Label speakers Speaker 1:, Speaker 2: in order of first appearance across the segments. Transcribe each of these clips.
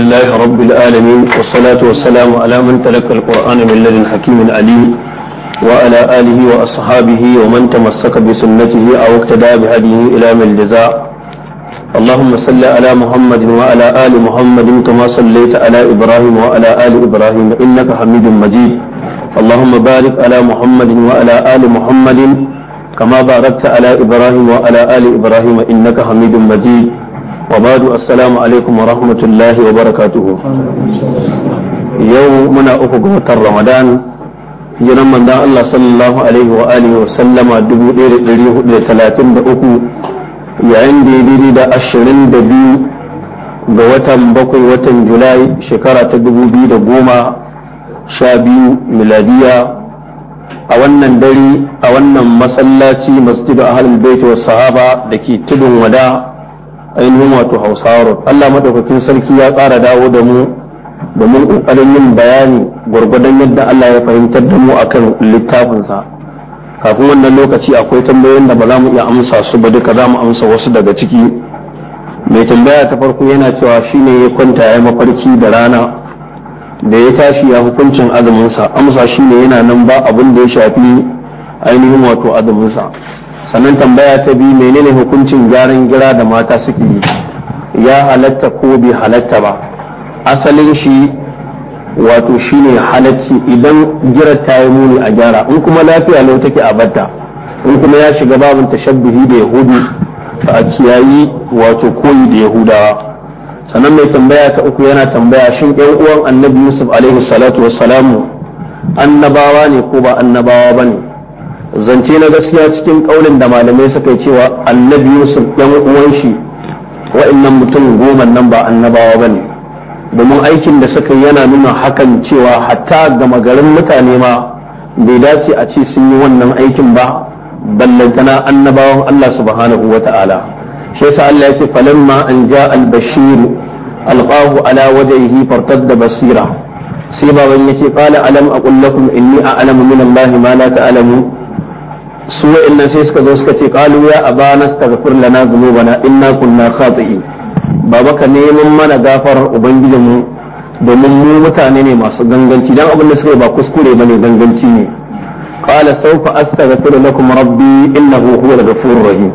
Speaker 1: لله رب العالمين والصلاة والسلام على من تلقى القرآن من لدن حكيم عليم وعلى آله وأصحابه ومن تمسك بسنته أو اقتدى بهديه إلى من الجزاء اللهم صل على محمد وعلى آل محمد كما صليت على إبراهيم وعلى آل إبراهيم إنك حميد مجيد اللهم بارك على محمد وعلى آل محمد كما باركت على إبراهيم وعلى آل إبراهيم إنك حميد مجيد وبعد السلام عليكم ورحمة الله وبركاته يوم منا أفقه رمضان hijiran manzan Allah sallallahu alaihi wa alihi wa sallama 1433 yayin da ya daidai da 22 ga watan bakwai watan Julai shekara ta 2010 sha biyu miladiya a wannan dare a wannan masallaci masjidu ahlul bait was sahaba da ke tudun wada ainihin wato hausaro Allah madaukakin sarki ya ƙara dawo da mu domin ƙoƙarin yin bayani gwargwadon yadda Allah ya fahimtar da mu akan littafinsa kafin wannan lokaci akwai tambayoyin da ba za mu iya amsa su ba duka za mu amsa wasu daga ciki mai tambaya ta farko yana cewa shine ya kwanta ya mafarki da rana da ya tashi ya hukuncin azuminsa amsa shine yana nan ba abin da ya shafi ainihin wato azuminsa sannan tambaya ta biyu menene hukuncin gyaran gira da mata suke yi ya halatta ko bai halatta ba asalin shi wato ne halacci idan girar ta yi muni a gyara in kuma lafiya lau take a batta in kuma ya shiga babin tashabbihi da yahudu a kiyayi wato koyi da yahudawa sannan mai tambaya ta uku yana tambaya shin yan uwan annabi yusuf alaihi salatu wassalamu annabawa ne ko ba annabawa ba ne zance na gaskiya cikin kaulin da malamai suka yi cewa annabi yusuf 'yan uwan shi wa'annan mutum goma nan ba annabawa ba ne domin aikin da suka yana nuna hakan cewa hatta gama garin mutane ma bai dace a ce sun yi wannan aikin ba ballantana annabawan Allah subhanahu wa ta'ala shi yasa Allah "Falan falamma an ja al-bashir alqahu ala wajhihi fartadda basira sai baban yake qala alam aqul lakum inni a'lamu min Allah ma la ta'lamu su wa'annan sai suka zo suka ce qalu ya abana astaghfir lana dhunubana inna kunna khati'in baba ka neman mana gafarar ubangijinmu domin mu mutane ne masu ganganci dan abin da suka ba kuskure bane ganganci ne qala sawfa astaghfiru lakum rabbi innahu huwal ghafurur rahim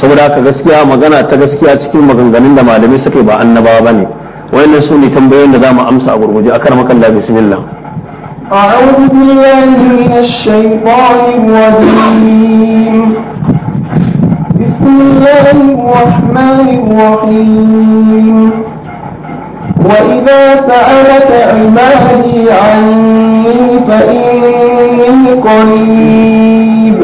Speaker 1: saboda haka gaskiya magana ta gaskiya cikin maganganun da malamai suka ba annabawa bane wayannan su ne tambayoyin da zamu amsa a gurguje akar makalla bismillah
Speaker 2: أعوذ بالله من الشيطان الرجيم بسم الله الرحمن الرحيم وإذا سألك عبادي عني فإني قريب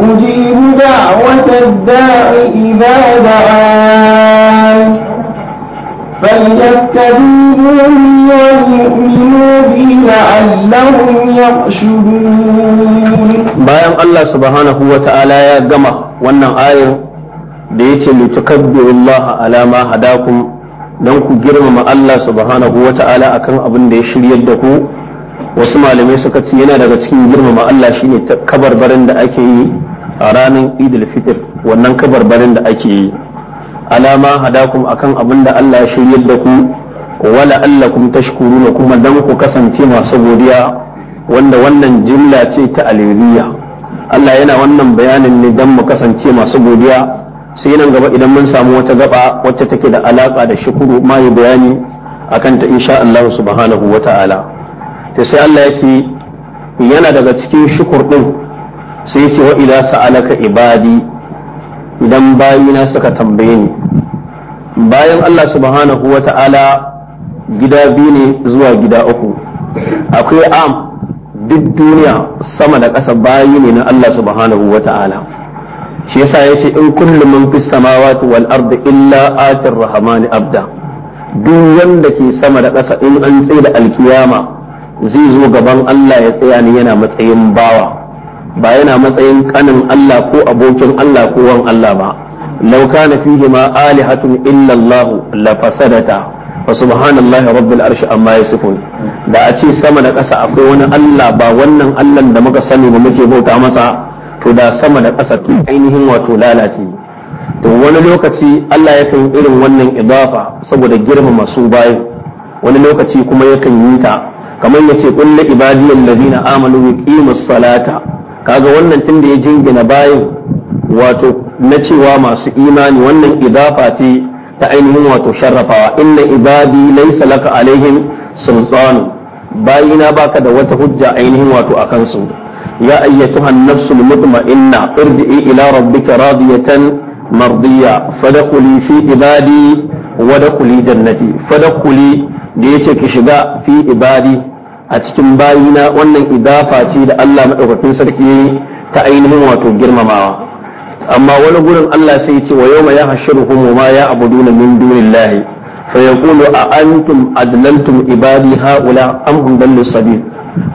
Speaker 2: أجيب دعوة الداع إذا دعاني bayan
Speaker 1: Allah subhanahu wa ta'ala ya gama wannan ayar da ya ce litukabbirullaha a ma hadakum don ku girmama Allah subhanahu wa ta'ala a kan abin da ya shiryar da ku wasu malamai suka ce yana daga cikin girmama Allah shine kabarbarin da ake yi a ranar idil fitr wannan kabarbarin da ake yi alama hadakum akan abin da Allah ya shiryar da ku wala allakum tashkuruna kuma dan ku kasance masu godiya wanda wannan jimla ce ta aliriya Allah yana wannan bayanin ne dan mu kasance masu godiya sai nan gaba idan mun samu wata gaba wacce take da alaka da shukuru ma yi bayani akan ta insha Allah subhanahu wata'ala to sai Allah yake yana daga cikin shukur din sai yace wa ila sa'alaka ibadi idan bayina suka tambaye ni bayan Allah subhanahu wa ta'ala gida biyu ne zuwa gida uku akwai am duk duniya sama da ƙasa bayi ne na Allah subhanahu wa ta'ala shi yasa ya ce in kullum mun fi samawati wal ardi illa atir rahmani abda duk wanda ke sama da ƙasa in an tsaye da alkiyama zai zo gaban Allah ya tsaya ne yana matsayin bawa ba yana matsayin kanin Allah ko abokin Allah ko wan Allah ba لو كان فيهما آلهة إلا الله لفسدتا فسبحان الله رب العرش أما يصفون da a ce sama da ƙasa akwai wani Allah ba wannan Allah da muka sani ba muke bauta masa to da sama da ƙasa to ainihin wato lalace to wani lokaci Allah yakan irin wannan idafa saboda girmama su bayan wani lokaci kuma yakan yi ta kamar yace qul li ibadiyal ladina amanu yuqimus salata kaga wannan tun da ya jingina bayan wato na cewa masu imani wannan idafa ce ta ainihin wato sharrafawa inna ibadi laysa laka alaihim sultan bayina baka da wata hujja ainihin wato akan su ya ayyatuha an-nafsul mutma'inna irji'i ila rabbika radiyatan mardiya fadkhuli fi ibadi wa dakhuli jannati fadkhuli da yace ki shiga fi ibadi a cikin bayina wannan idafa ce da Allah madaukakin sarki ta ainihin wato girmamawa amma wani gurin Allah sai ce wa yau ma ya hashiru kuma ma ya abudu na min dunin lahi fa a antum adlantun ibadi ha'ula an hun dallu sabi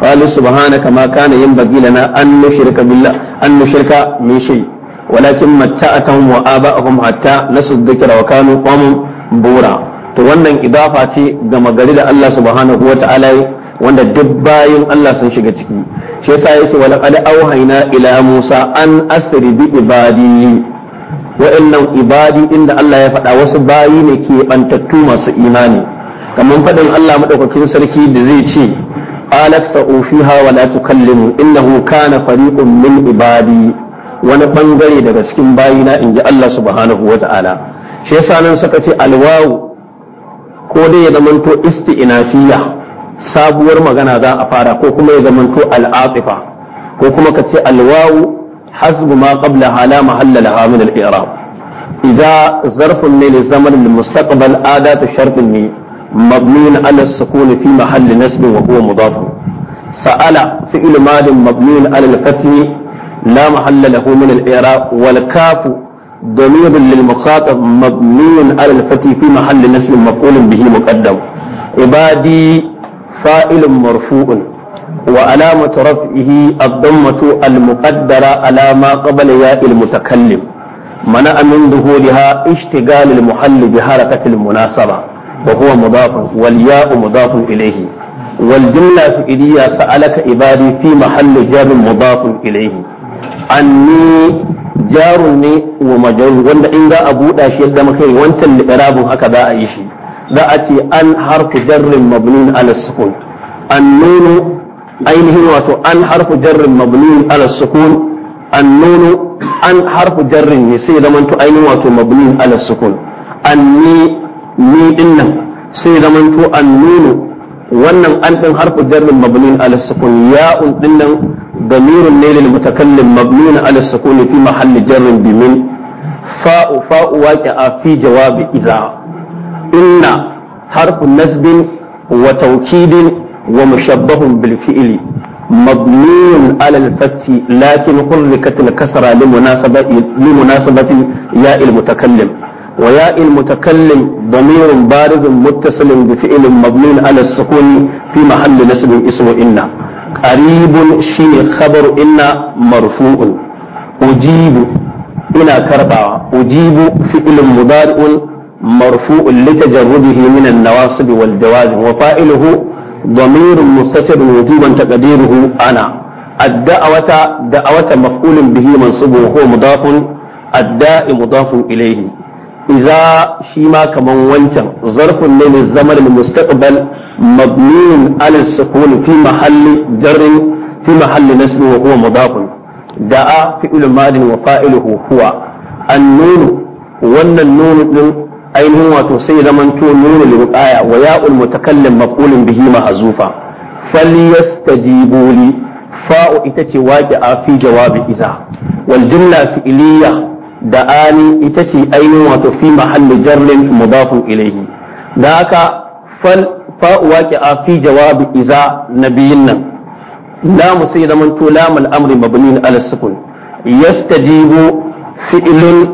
Speaker 1: qala subhanaka ma kana yanbaghi lana an nushrika billah an nushrika min shay walakin matta'atahum wa aba'ahum hatta nasu dhikra wa kanu qawmun bura to wannan ibafa ce gama gari da Allah subhanahu wa ta'ala ya wanda duk bayan Allah sun shiga ciki shi yasa yake wala qad auhayna ila Musa an asri bi ibadi wa'annan ibadi inda Allah ya faɗa wasu bayi ne ke bantattu masu imani kamar faɗin Allah madaukakin sarki da zai ce alat sa'u fiha wa la tukallimu innahu kana fariqun min ibadi wani bangare daga cikin bayina in ji Allah subhanahu wa ta'ala shi yasa nan suka ce alwawu ko dai ya zamanto isti'nafiya sabuwar magana za a fara ko kuma ya zamanto al'aqifa ko kuma ka ce alwawu hasbu ma qabla hala mahalla laha min al-i'rab idza zarfun ne li zaman al-mustaqbal adatu shartin ne mabniun ala sukun fi mahalli nasb wa huwa mudaf sa'ala fi'l madi mabniun ala al-fath la mahalla lahu min al-i'rab wal kafu ضمير للمخاطب مبني على الفتي في محل نسل مفعول به مقدم عبادي فائل مرفوع وعلامة رفعه الضمة المقدرة على ما قبل ياء المتكلم منع من ظهورها اشتغال المحل بحركة المناسبة وهو مضاف والياء مضاف إليه والجملة فعلية سألك عبادي في محل جار مضاف إليه أني جار ومجرور وإن إذا أبو داشي يدمك وانت اللي هكذا أي شيء za a ce an harfu jarrin mabnin ala sukun an nunu ainihin wato an harfu jarrin mabnin ala sukun an nunu an harfu jarrin ne sai ainihin wato mabnin ala sukun an ni din nan sai nunu wannan an din harfu jarrin mabnin ala sukun ya'un din nan damirun ne lil mutakallim mabnin ala sukun fi mahalli jarrin bimin fa'u fa'u waqi'a fi jawabi idza inna harfu nasbin wa taukidin wa mushabbahun bilfi'ili mabnun ala fatti, lakin hurrikat alkasra li munasabati li munasabati ya almutakallim wa ya almutakallim damirun barizun muttasilun bi fi'ilin mabnun ala sukuni fi mahalli nasbin ismu inna qaribun shi khabar inna marfu'un ujibu ina karbawa ujibu fi'lun mudari'un مرفوع لتجرده من النواصب والجوازم وفائله ضمير مستتر وجوبا تقديره أنا الدعوة دعوة مفعول به منصب وهو مضاف الداء مضاف إليه إذا شيما كمن وانتم ظرف من الزمن المستقبل مبني على السكون في محل جر في محل نسب وهو مضاف دعا فعل ماد وفائله هو النون وان النون ainihin wato sai zaman to nuna lilqaya wa ya'ul mutakallim maf'ulun bihi mahzufa falyastajibu li fa'u ita ce waqi'a fi jawabi iza wal jumla fi'liya da ani ita ce ainihin wato fi mahalli jarrin mudafun ilayhi da haka fal fa'u waqi'a fi jawabi iza nabiyin nan lamu sai zaman to lamul amri mabni ala sukun yastajibu fi'lun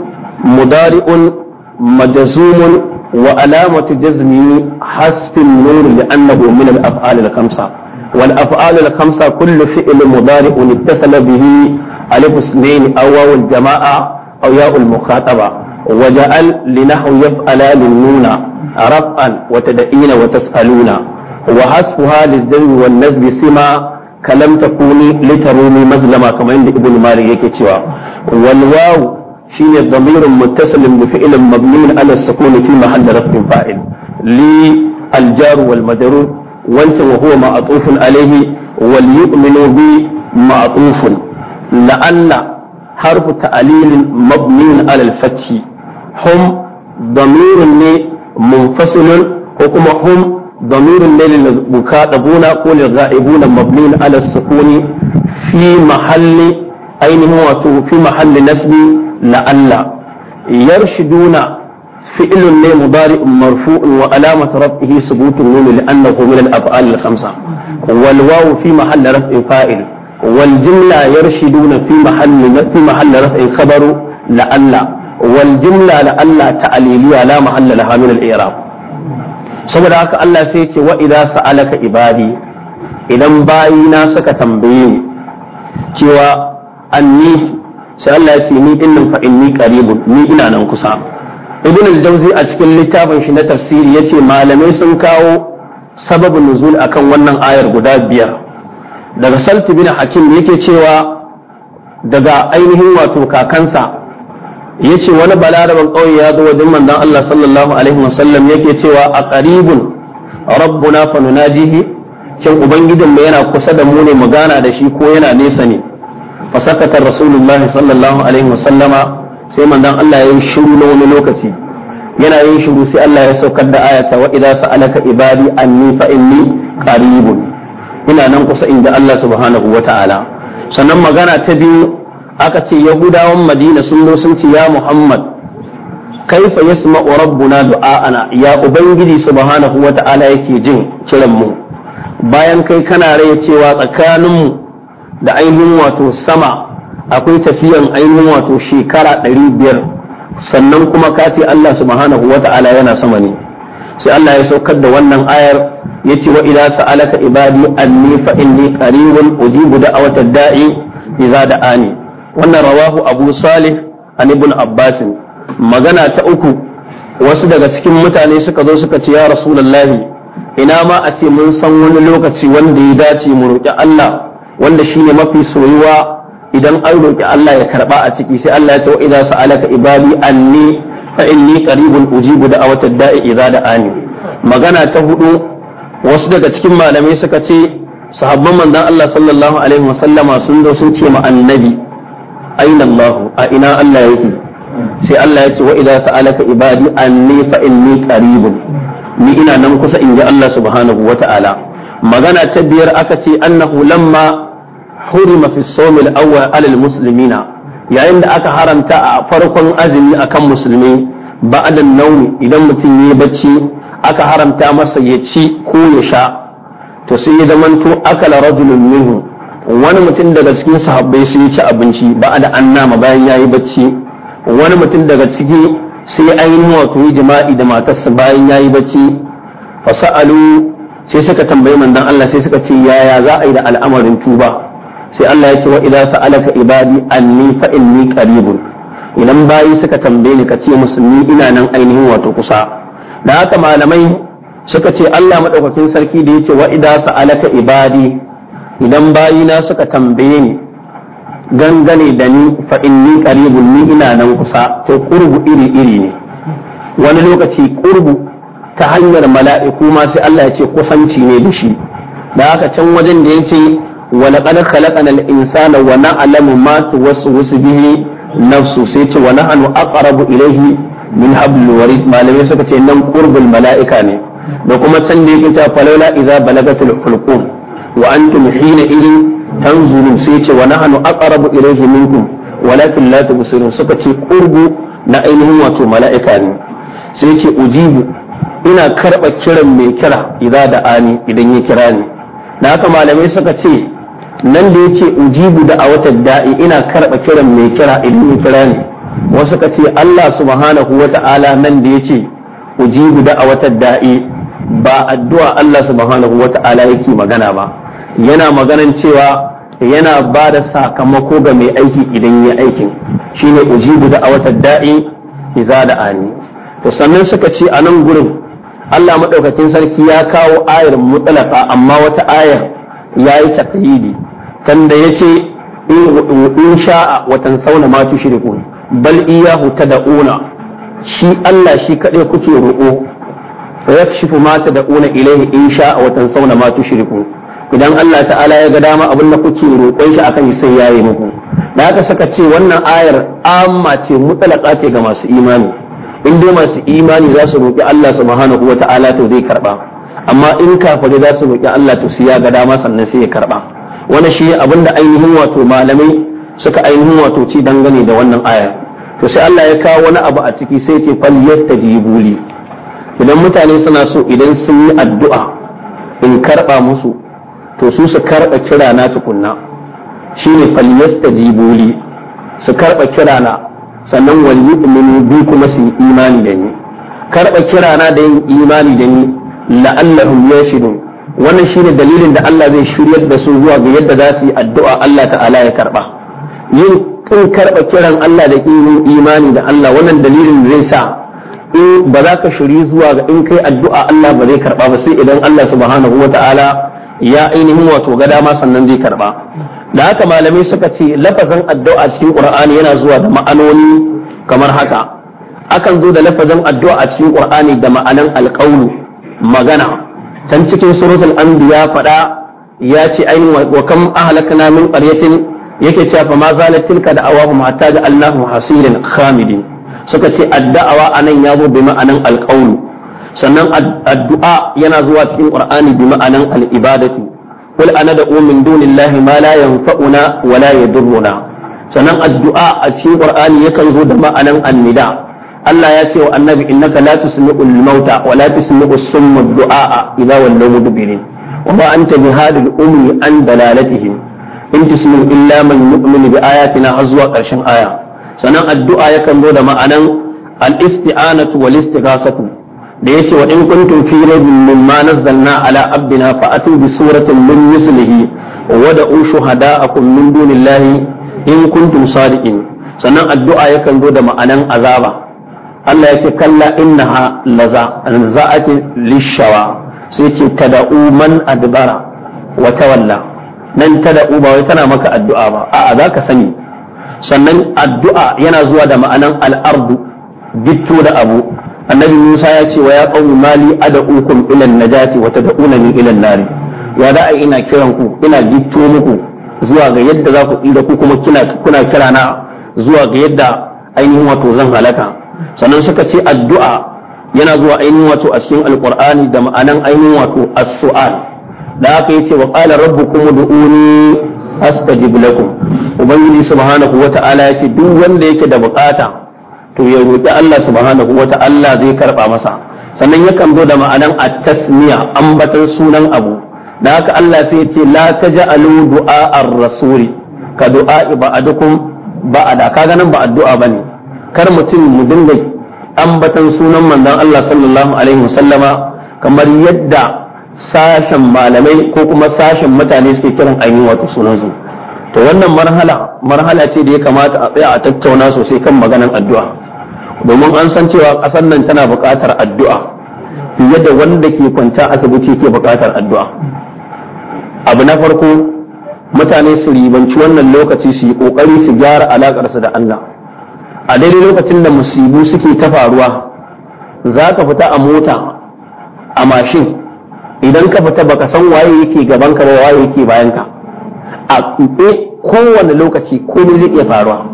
Speaker 1: mudari'un مجزوم وعلامة جزمه حسب النور لأنه من الأفعال الخمسة والأفعال الخمسة كل فعل مضارع اتصل به ألف اثنين أو واو الجماعة أو ياء المخاطبة وجعل لنحو يفعل للنون رفعا وتدعين وتسألون وحسبها للجزم والنسب سما كلم تكوني لترومي مزلما كما عند ابن مالك يكي والواو shine damir muttasilin bi fi'lin mabnun ala sukuni fi mahall rafi fa'il li al jar wal majrur wanta wa huwa ma'tuf alayhi wal yu'minu bi ma'tuf la'anna harfu ta'lil mabnun ala al fathi hum damir ni منفصل حكم هم ضمير الليل المكاتبون قول fi مبنين على السكون في محل أين هو في محل نسبي na Allah yarshiduna fi'lun ne mubari'un marfu'un wa alamat rabbihi subutun nunu li'annahu min al-af'al al-khamsa wal wawu fi mahall raf'i fa'il wal jumla yarshiduna fi mahall fi mahall raf'i khabaru la'alla wal jumla la mahall laha min saboda haka Allah sai yace wa idza sa'alaka ibadi idan bayina saka tambaye cewa anni sai Allah ce ni dinnan fa inni qaribun ni ina nan kusa ibn al-jawzi a cikin littafin shi na tafsiri yace malamai sun kawo sababin nuzul akan wannan ayar guda biyar daga salt bin hakim yake cewa daga ainihin wato kakansa yace wani balaraban kauye ya zo wajen manzon Allah sallallahu alaihi wasallam yake cewa a qaribun rabbuna fa nunajihi kin ubangijin mu yana kusa da mu ne mu gana da shi ko yana nesa ne fasakata rasulullahi sallallahu alaihi wasallama sai manzon Allah ya yi shiru na wani lokaci yana yin shiru sai Allah ya saukar da ayata wa idza sa'alaka ibadi anni fa inni qaribun ina nan kusa inda Allah subhanahu wata'ala sannan magana ta biyu aka ce yahudawan madina sun zo sun ce ya muhammad kaifa yasma'u rabbuna du'a'ana ya ubangiji subhanahu wata'ala yake jin kiran mu bayan kai kana raya cewa tsakanin tsakaninmu da ainihin wato sama akwai tafiyan ainihin wato shekara ɗari biyar sannan kuma kafi Allah subhanahu wa ta'ala yana sama ne sai Allah ya saukar da wannan ayar ya ce wa ila sa'alaka ibadi anni fa inni qaribun ujibu da'awata da'i idza da'ani wannan rawahu Abu Salih an ibn Abbas magana ta uku wasu daga cikin mutane suka zo suka ce ya rasulullahi ina ma a ce mun san wani lokaci wanda ya dace mu roƙi Allah wanda shine mafi soyuwa idan an roƙi Allah ya karba a ciki sai Allah ya ce wa idza sa'alaka ibadi anni fa inni qaribun ujibu da'watad da'i idza da'ani magana ta hudu wasu daga cikin malamai suka ce sahabban manzon Allah sallallahu alaihi wasallama sun zo sun ce ma annabi aina Allah a ina Allah yake sai Allah ya ce wa idza sa'alaka ibadi anni fa inni qaribun ni ina nan kusa in ji Allah subhanahu wata'ala magana ta biyar aka ce annahu lamma hurima fi sawmil awwal alal muslimina yayin da aka haramta a farkon azumi akan musulmi ba'adan nauni idan mutum ya bacci aka haramta masa ya ci ko ya sha to sai ya zamanto akala rajulun minhu wani mutum daga cikin sahabbai sai ya ci abinci ba'ada an nama bayan yayi bacci wani mutum daga ciki sai ainihin wato jima'i da matarsa bayan yayi bacci fasalu sai suka tambayi mandan Allah sai suka ce yaya za a yi da al'amarin tuba sai Allah ya ce wa idza sa'alaka ibadi anni fa inni qaribun idan bayi suka tambaye ni ka ce musulmi ina nan ainihin wato kusa da haka malamai suka ce Allah madaukakin sarki da yake wa idza sa'alaka ibadi idan bayi na suka tambaye ni gangane da ni fa inni qaribun ni ina nan kusa to qurbu iri iri ne wani lokaci qurbu ta hanyar mala’iku masu Allah ya ce kusanci ne da shi da haka can wajen da ya ce wani ɓan khalaƙan al’insana wani alamu ma wasu wasu bihi nafsu sai ce wani anu aqrabu ilaihi min hablu wari malami suka ce nan qurbul mala’ika ne da kuma can da ya ce ta falola iza balagatul hulqum wa antum hina irin tanzurun sai ce wani anu aqrabu ilaihi minkum walakin la tubsirun suka ce qurbu na ainihin wato mala’ika ne sai ce ujibu ina karba kiran mai kira idza da ani idan ya kira ni da haka malamai suka ce nan da yace ujibu da a watan da'i ina karɓa kiran mai kira idan ya kira ni wasu suka ce Allah subhanahu wata'ala nan da yace ujibu da a watan da'i ba addu'a Allah subhanahu wata'ala yake magana ba yana maganan cewa yana ba da sakamako ga mai aiki idan ya aikin shine ujibu da a watan da'i iza da ani to sannan suka ce a nan gurin Allah madaukakin sarki ya kawo ayar mutlaka amma wata ayar yayi taqyidi tanda yace in sha'a wa tansawna ma tushrikun bal iyahu tad'una shi Allah shi kadai kuke roƙo fa yakshifu ma tad'una ilayhi in sha'a wa tansawna ma tushrikun idan Allah ta'ala ya ga dama abin da kuke roƙon shi akan sai yayi muku da haka saka ce wannan ayar amma ce mutlaka ce ga masu imani in dai masu imani za su roƙi Allah subhanahu wa ta'ala to zai karɓa, amma in kafare za su roƙi Allah to siya ya ga dama sannan sai ya karba wannan shi abin da ainihin wato malamai suka ainihin wato ci dangane da wannan aya to sai Allah ya kawo wani abu a ciki sai ce fal yastajibu li idan mutane suna so idan sun yi addu'a in karba musu to su su karba kira na tukunna shine fal yastajibu su karɓa kirana. sannan wal yu'minu bi kuma su imani da ni Karɓa kira na da yin imani da ni la'allahum yashidun wannan shine dalilin da Allah zai shiryar da su zuwa ga yadda za su yi addu'a Allah ta'ala ya karɓa. yin kin karɓa kiran Allah da yin imani da Allah wannan dalilin zai sa in ba za ka shiri zuwa ga in kai addu'a Allah ba zai karɓa ba sai idan Allah subhanahu ta'ala ya ainihin wato ga ma sannan zai karɓa. da haka malamai suka ce lafazin addu'a cikin qur'ani yana zuwa da ma'anoni kamar haka akan zo da lafazin addu'a a cikin qur'ani da ma'anan alqawlu magana can cikin suratul anbiya faɗa ya ce ainihin wa kam ahlakna min qaryatin yake cewa fa ma zalat tilka da awahum hatta ja'alnahum hasirin khamidin suka ce addu'a anan ya zo bi ma'anan alqawlu sannan addu'a yana zuwa cikin qur'ani bi ma'anan al-ibadatu qul ana da min dunillahi ma la yanfa'una wa la yadurruna sannan addu'a a cikin qur'ani yakan zo da ma'anan annida Allah ya ce wa annabi innaka la tusmi'ul mauta wa la tusmi'us summa du'a idza wallaw mudbirin wa ma anta bihadil ummi an dalalatihim in tusmi illa man yu'minu bi ayatina har zuwa ƙarshen aya sannan addu'a yakan zo da ma'anan al-isti'anatu wal istighasatu da ce wa in kuntun fi raybin mimma nazzalna ala abdina fa atu bi suratin min mislihi wa shuhada shuhada'akum min dunillahi in kuntum sadiqin sannan addu'a yakan zo da ma'anan azaba Allah ce kalla innaha laza za'ati lishawa sai ce tada'u man adbara wa tawalla nan tada'u ba wai tana maka addu'a ba a'a zaka sani sannan addu'a yana zuwa da ma'anan al'ardu gitto da abu annabi Musa ya ce wa ya qawmi mali ad'ukum ila an-najati wata da ila an-nar ya da ina kiran ku ina gitto muku zuwa ga yadda za ku tsira ku kuma kina kuna kira na zuwa ga yadda ainihin wato zan halaka sannan suka ce addu'a yana zuwa ainihin wato a cikin Alƙur'ani, da ma'anan ainihin wato as-su'al da aka yace wa qala rabbukum ud'uni astajib lakum ubangiji subhanahu wata'ala yace duk wanda yake da bukata to ya roƙi Allah subhanahu wa ta'ala zai karɓa masa sannan yakan zo da ma'anan at-tasmiya ambatan sunan abu da haka Allah sai ya ce la taj'alu du'a ar-rasuli ka du'a ba'adukum ba'ada kaga nan ba addu'a bane kar mutum mu dinga ambatan sunan manzon Allah sallallahu alaihi wasallama kamar yadda sashen malamai ko kuma sashen mutane suke kiran ainihin wato sunan su to wannan marhala marhala ce da ya kamata a tsaya a tattauna sosai kan maganar addu'a domin an san cewa ƙasar nan tana buƙatar addu'a fiye da wanda ke kwanta asibiti ke buƙatar addu'a abu na farko mutane su ribanci wannan lokaci su yi ƙoƙari su gyara alaƙarsu da Allah a daidai lokacin da musibu suke ta faruwa za ka fita a mota a mashin idan ka fita baka san waye yake gabanka ba waye yake bayanka a kowane lokaci komai zai iya faruwa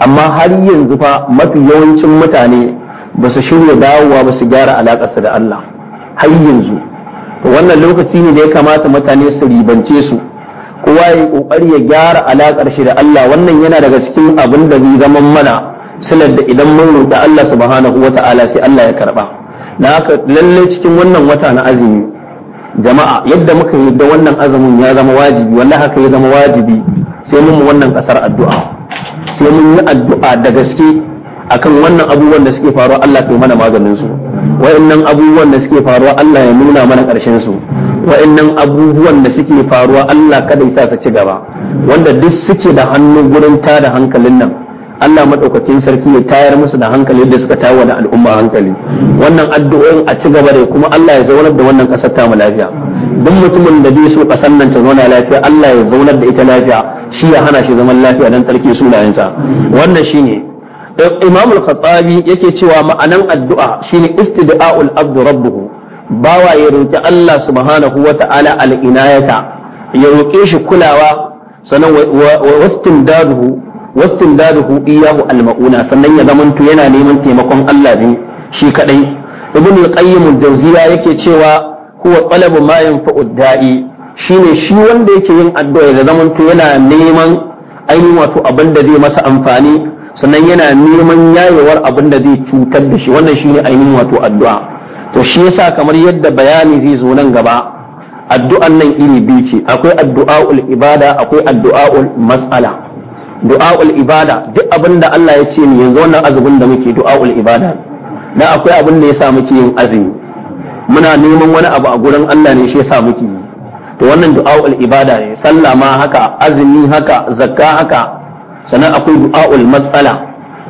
Speaker 1: amma har yanzu fa mafi yawancin mutane ba su shirya dawowa ba su gyara su da Allah har yanzu wannan lokaci ne da ya kamata mutane su ribance su kowa ya kokari ya gyara alakar shi da Allah wannan yana daga cikin abin da zai zama mana sanar da idan mun roƙi Allah subhanahu wata'ala sai Allah ya karba na haka lalle cikin wannan wata na azumi jama'a yadda muka yi da wannan azumin ya zama wajibi wallahi haka ya zama wajibi sai mun wannan kasar addu'a sai mun yi addu'a da gaske akan wannan abubuwan da suke faruwa Allah ya mana maganin su wa'annan abubuwan da suke faruwa Allah ya nuna mana karshen su wa'annan abubuwan da suke faruwa Allah kada ya sa ci gaba wanda duk suke da hannu gurin da hankalin nan Allah madaukakin sarki ya tayar musu da hankali da suka tawo da al'umma hankali wannan addu'o'in a ci gaba da kuma Allah ya zaunar da wannan kasar ta mu lafiya duk mutumin da bai so kasan nan ta zauna lafiya Allah ya zaunar da ita lafiya shi ya hana shi zaman lafiya dan tsarki sunayensa wannan shine Imam al-Khattabi yake cewa ma'anan addu'a shine istida'ul abdu rabbuhu bawa ya roki Allah subhanahu wata'ala al-inayata ya roke shi kulawa sannan wastindaduhu wastindaduhu iyahu al-mauna sannan ya zamanto yana neman taimakon Allah ne shi kadai ibn al-qayyim al-jawziya yake cewa huwa talabu ma yanfa'u da'i shine shi wanda yake yin addu'a da zaman to yana neman ainihin wato abin da zai masa amfani sannan yana neman yayewar abin da zai cutar da shi wannan shine ainihin wato addu'a to shi yasa kamar yadda bayani zai zo nan gaba addu'an nan iri biyu ce akwai addu'a'ul ibada akwai addu'a'ul mas'ala du'a'ul ibada duk abin Allah ya ce ni yanzu wannan azumin da muke du'a'ul ibada dan akwai abin da yasa muke yin azumi muna neman wani abu a gurin Allah ne shi sa muke yi to wannan du'a'ul ibada ne sallah ma haka azumi haka zakka haka sannan akwai du'a'ul matsala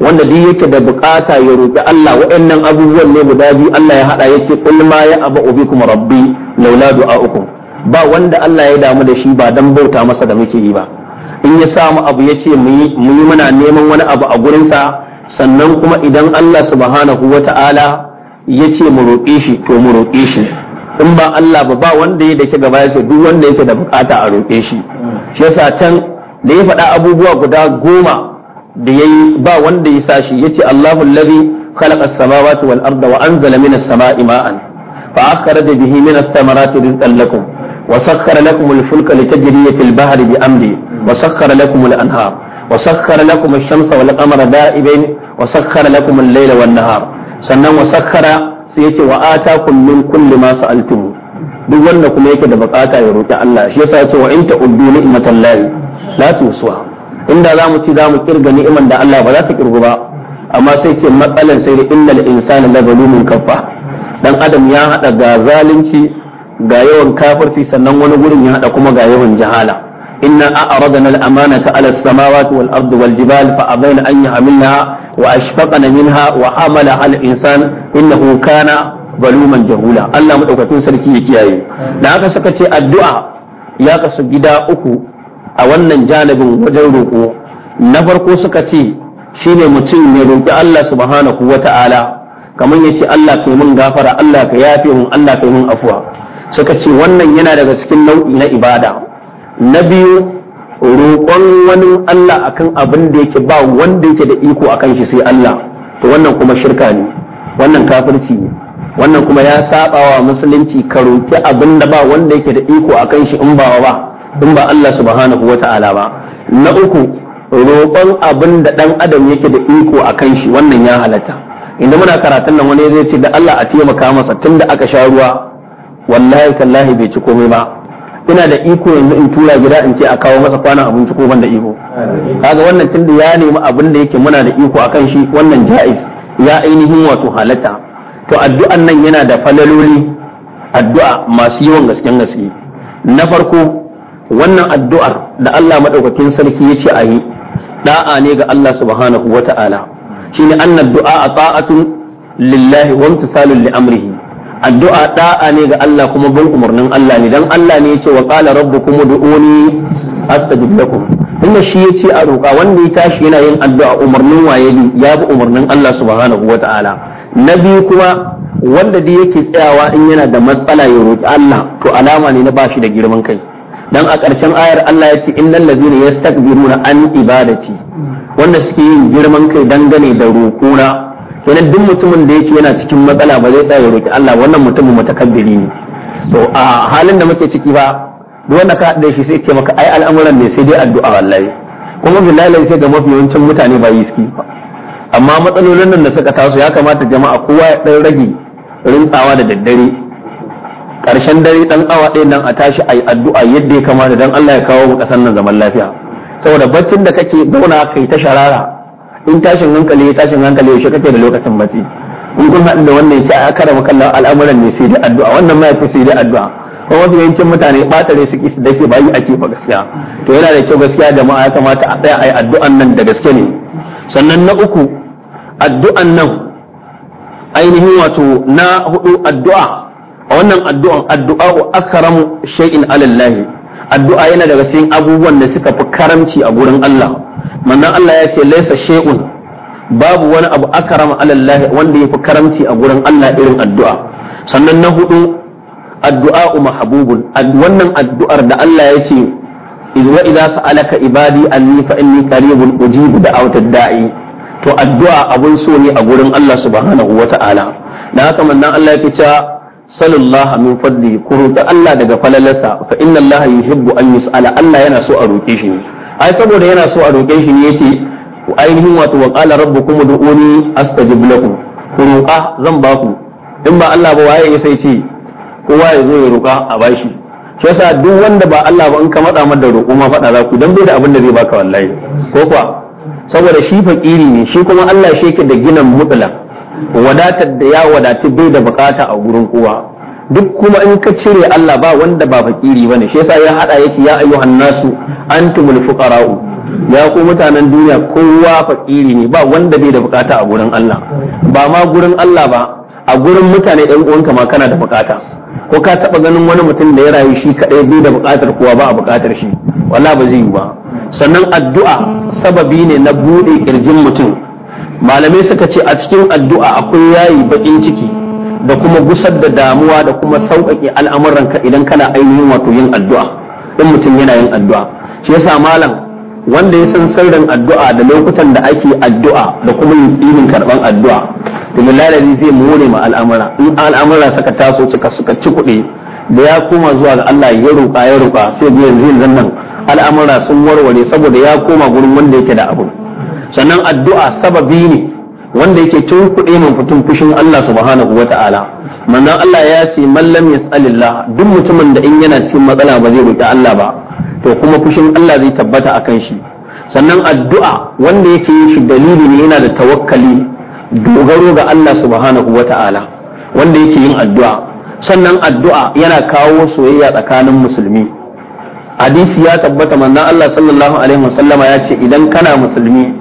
Speaker 1: wanda duk yake da bukata ya roƙi Allah waɗannan abubuwan ne guda biyu Allah ya hada yace qul ma ya aba ubikum rabbi laula du'a'ukum ba wanda Allah ya damu da shi ba dan bauta masa da muke yi ba in ya mu abu yace mu muyi muna neman wani abu a gurinsa sannan kuma idan Allah subhanahu wata'ala ya ce mu roƙe shi to mu roƙe shi in ba Allah ba ba wanda ya dake gaba duk wanda yake da bukata a roƙe shi shi yasa can da ya faɗa abubuwa guda goma da yayi ba wanda ya sashi yace Allahu allazi khalaqa as-samawati wal arda wa anzala minas sama'i ma'an fa akhraja bihi minas thamarati rizqan lakum wa sakhkhara lakum al-fulka litajriya fil bahri bi amri wa sakhkhara lakum al-anhar wa sakhkhara lakum ash-shamsa wal qamara da'ibain wa sakhkhara lakum al-layla wan nahar sannan wa sakkara sai yake wa atakum min kulli ma sa'altum duk wanda kuma yake da bukata ya roki Allah shi yasa yake wa in ta'uddu ni'matallahi la tusuha inda zamu ci zamu kirga ni'iman da Allah ba za ta kirgu ba amma sai ce matsalan sai da innal insana la zalumun kaffa dan adam ya hada ga zalunci ga yawan kafirci sannan wani gurin ya hada kuma ga yawan jahala inna a'radna al-amanata ala as-samawati wal ardi wal jibal fa abaina an yahmilnaha وأشفقنا منها وحمل على الإنسان إنه كان ظلوما جهولا الله مدوكتون سركي يكياي da aka saka ce addu'a ya kasu gida uku a wannan janibin wajen roƙo na farko suka ce shine mutum ya roƙi Allah subhanahu wata'ala kamar yace Allah kai mun gafara Allah ka yafe mun Allah kai mun afuwa suka ce wannan yana daga cikin nau'i na ibada na biyu roƙon wani Allah akan abin da yake ba wanda yake da iko akan shi sai Allah to wannan kuma shirka ne wannan kafirci ne wannan kuma ya wa musulunci ka roƙi abin da ba wanda yake da iko akan shi in ba ba in ba Allah subhanahu wata'ala ba na uku roƙon abin da ɗan adam yake da iko akan shi wannan ya halatta inda muna karatun nan wani zai ce da Allah a taimaka masa da aka sha ruwa wallahi tallahi bai ci komai ba ina da iko yanzu in tura gida in ce a kawo masa kwanan abinci ko ban da iko kaga wannan da ya nemi abin da yake muna da iko akan shi wannan ja'iz ya ainihin wato halatta to addu'an nan yana da falaloli addu'a masu yawan gasken gaske na farko wannan addu'ar da Allah madaukakin sarki ya ce a yi da'a ne ga Allah subhanahu wata'ala shine annad du'a ta'atun lillahi wa imtisalun li amrihi addu'a da'a ne ga Allah kuma bin umarnin Allah ne dan Allah ne yace wa qala rabbukum ud'uni astajib lakum Inna shi yace a roƙa wanda ya tashi yana yin addu'a umarnin waye ne ya bi umarnin Allah subhanahu wataala na biyu kuma wanda da yake tsayawa in yana da matsala ya roki Allah to alama ne na bashi da girman kai dan a ƙarshen ayar Allah ya ce innal ladina yastakbiruna an ibadati wanda suke yin girman kai dangane da roƙona kenan duk mutumin da yake yana cikin matsala ba zai tsaya roki Allah wannan mutumin mutakabbiri ne to a halin da muke ciki ba duk wanda ka da shi sai ke maka ai al'amuran ne sai dai addu'a wallahi kuma billahi sai ga mafi yawancin mutane ba yi suke ba amma matsalolin nan da suka taso ya kamata jama'a kowa ya dan rage rintsawa da daddare karshen dare dan awa ɗaya nan a tashi ayi addu'a yadda ya kamata dan Allah ya kawo mu kasan nan zaman lafiya saboda baccin da kake zauna kai ta sharara in tashin hankali ya tashin hankali yaushe kake da lokacin bacci in kun haɗu da wannan ce a kara makalla al'amuran ne sai da addu'a wannan ma yafi sai da addu'a ko wasu yancin mutane batare su kisi dake bayi ake ba gaskiya to yana da kyau gaskiya jama'a ya kamata a tsaya yi addu'an nan da gaske ne sannan na uku addu'an nan ainihin wato na hudu addu'a a wannan addu'an addu'a akramu shay'in alallahi addu'a yana daga cikin abubuwan da suka fi karamci a gurin Allah manzon Allah ya ce laisa shay'un babu wani abu akrama alallahi wanda yafi karamci a gurin Allah irin addu'a sannan na hudu addu'a mahabubun wannan addu'ar da Allah ya ce wa idza sa'alaka ibadi anni fa inni qaribun ujibu da'awatad da'i to addu'a abun so ne a gurin Allah subhanahu wata'ala da haka manzon Allah ya ce sallallahu min fadli kuruta Allah daga falalarsa fa inna Allah yuhibbu an yus'ala Allah yana so a roke shi ne ai saboda yana so a roƙe shi ne yace ainihin wato wa qala rabbukum ud'uni astajib lakum ku roƙa zan ba ku in ba Allah ba waye sai ce kowa ya zo roƙa a bashi shi yasa duk wanda ba Allah ba in ka matsa mada roƙo ma faɗa za ku dan bai da abin da zai baka wallahi ko kuwa saboda shi fakiri ne shi kuma Allah shi yake da ginan mutlaq wadatar da ya wadaci bai da bukata a gurin kowa duk kuma in ka cire Allah ba wanda ba fakiri bane shi yasa ya hada yake ya ayyuhan nasu antumul fuqara'u ya ku mutanen duniya kowa fakiri ne ba wanda bai da bukata a gurin Allah ba ma gurin Allah ba a gurin mutane ɗan uwanka ma kana da bukata ko ka taba ganin wani mutum da ya rayu shi kadai bai da bukatar kowa ba a bukatar shi wallahi ba zai yi ba sannan addu'a sababi ne na bude kirjin mutum malamai suka ce a cikin addu'a akwai yayi bakin ciki da kuma gusar da damuwa da kuma sauƙaƙe al'amuranka idan kana ainihin wato yin addu'a in mutum yana yin addu'a shi yasa malam wanda ya san sirrin addu'a da lokutan da ake addu'a da kuma yin tsinin karban addu'a to lalari zai more ma al'amura in al'amura suka taso suka suka ci kuɗi da ya koma zuwa ga Allah ya roƙa ya roƙa sai ga yanzu nan al'amura sun warware saboda ya koma gurin wanda yake da abu sannan addu'a sababi ne wanda yake tun kuɗe mun fitin fushin Allah subhanahu wa ta'ala manzon Allah ya ce mallam yas'alillah duk mutumin da in yana cikin matsala ba zai roki Allah ba to kuma fushin Allah zai tabbata akan shi sannan addu'a wanda yake yin shi dalili ne yana da tawakkali dogaro ga Allah subhanahu wa ta'ala wanda yake yin addu'a sannan addu'a yana kawo soyayya tsakanin musulmi hadisi ya tabbata manzon Allah sallallahu alaihi wasallama ya ce idan kana musulmi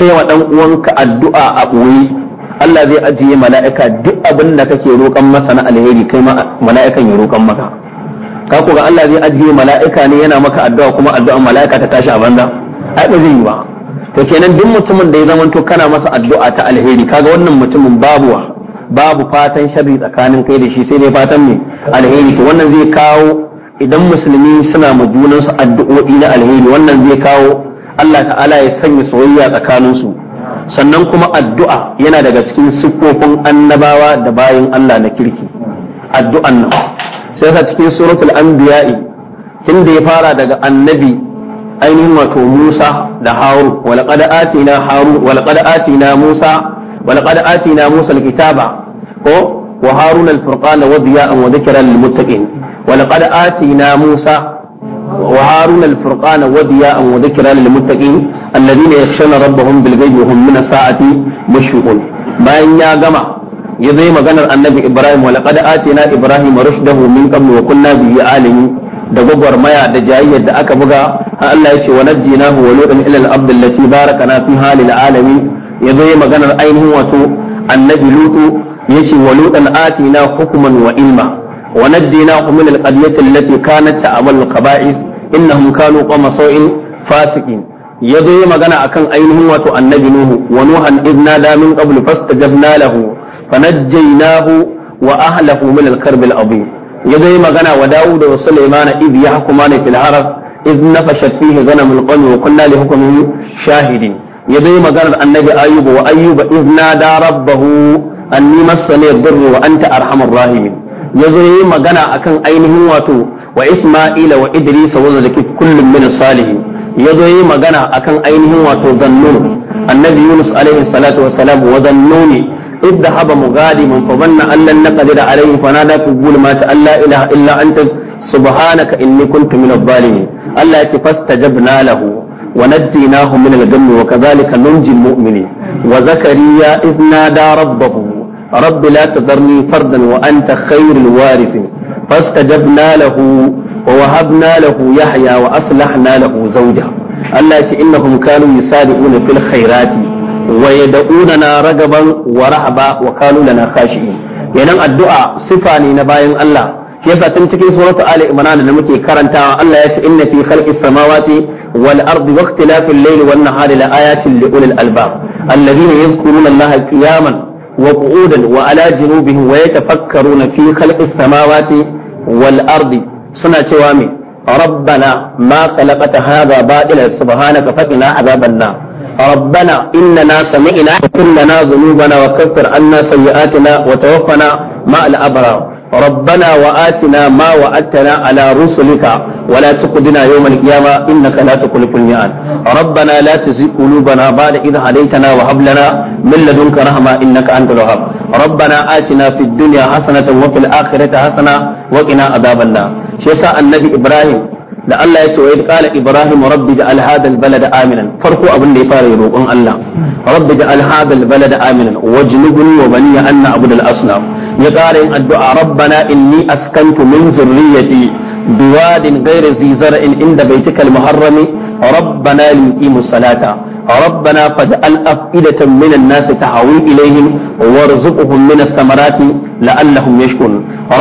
Speaker 1: kai wa dan uwanka addu'a a ɓoye Allah zai ajiye mala'ika duk abin da kake roƙon masa na alheri kai ma mala'ikan ya roƙon maka ka ku ga Allah zai ajiye mala'ika ne yana maka addu'a kuma addu'an mala'ika ta tashi a banza ai ba zai yi ba to kenan duk mutumin da ya to kana masa addu'a ta alheri kaga wannan mutumin babu babu fatan sharri tsakanin kai da shi sai dai fatan ne. alheri to wannan zai kawo idan musulmi suna ma junansu addu'o'i na alheri wannan zai kawo Allah ta'ala ya sanya soyayya tsakaninsu sannan kuma addu'a yana daga cikin siffofin annabawa da bayan Allah na kirki addu'an nan sai ka cikin suratul anbiya'i tun da ya fara daga annabi ainihin wato Musa da Harun walaqad atina Harun walaqad atina Musa walaqad atina Musa alkitaba ko wa Harun alfurqana wa diya'an wa dhikran lilmuttaqin walaqad atina Musa وهارون الفرقان وضياء وذكرا للمتقين الذين يخشون ربهم بالغيب وهم من الساعة مشفقون باين يا جماعة يزي مغنى النبي إبراهيم ولقد آتينا إبراهيم رشده من قبل وكنا به alami da gwagwarmaya da jayayyar da aka buga Allah ya ce wa najjinahu wa lutan ila al-abd allati barakana fi halil alamin yazo yi maganar ainihin wato annabi lutu yace wa atina hukman wa ilma ونجيناهم من القرية التي كانت تعمل القبائث إنهم كانوا قوم سوء فاسقين يزوي مغنى أكن أينه وتو النبي نوح ونوحا إذ نادى من قبل فاستجبنا له فنجيناه وأهله من الكرب العظيم يزوي مغنى وداود وسليمان إذ يحكمان في العرف إذ نفشت فيه غنم القوم وكنا لحكمه شاهدين يزوي مغنى النبي أيوب وأيوب إذ نادى ربه أني مسني الضر وأنت أرحم الراحمين ya zo yi magana akan ainihin wato wa Isma'ila wa Idris wa zalika kullum min salihin ya zo yi magana akan ainihin wato zannun annabi Yunus alaihi salatu wa salam wa zannuni idda haba mugadi fa banna allan naqdir alaihi fa nada fi gulmati alla ilaha illa anta subhanaka inni kuntu min adh-dhalimin Allah yake fastajabna lahu ونجيناه من الغم وكذلك ننجي المؤمنين وزكريا إذ نادى ربه رب لا تذرني فردا وأنت خير الوارثين فاستجبنا له ووهبنا له يحيى وأصلحنا له زوجه الله إنهم كانوا يسارعون في الخيرات ويدعوننا رغبا ورهبا وكانوا لنا خاشعين yanan addu'a sifa ne na bayan Allah yasa tun cikin suratu Ali Imran da muke karantawa Allah ya ce inna fi khalqis samawati wal ardi wa ikhtilafil layli wan nahari la ayatin li ulil albab alladhina yadhkuruna Allah qiyaman وقعودا وعلى جنوبهم ويتفكرون في خلق السماوات والأرض سنة وامي ربنا ما خلقت هذا باطلا سبحانك فقنا عذاب النار ربنا إننا سمعنا كلنا ذنوبنا وكفر عنا سيئاتنا وتوفنا مع الأبرار ربنا وآتنا ما وعدتنا على رسلك ولا تقدنا يوم القيامة إنك لا تخلف الميعاد ربنا لا تزغ قلوبنا بعد إذ هديتنا وهب لنا من لدنك رحمة إنك أنت الوهاب ربنا آتنا في الدنيا حسنة وفي الآخرة حسنة وقنا عذاب النار شيخ النبي إبراهيم da Allah ya ce wa ibrahim rabbi ja'al hadha al-balada aminan farko abin da ya fara roƙon Allah rabbi ja'al hadha al-balada aminan wajnubni wa bani anna abudul asnam ya ƙara yin addu'a rabbana inni askantu min zurriyyati بواد غير ذي زرع عند بيتك المحرم ربنا ليقيموا الصلاة ربنا فاجعل أفئدة من الناس تهوي إليهم وارزقهم من الثمرات لعلهم يشكرون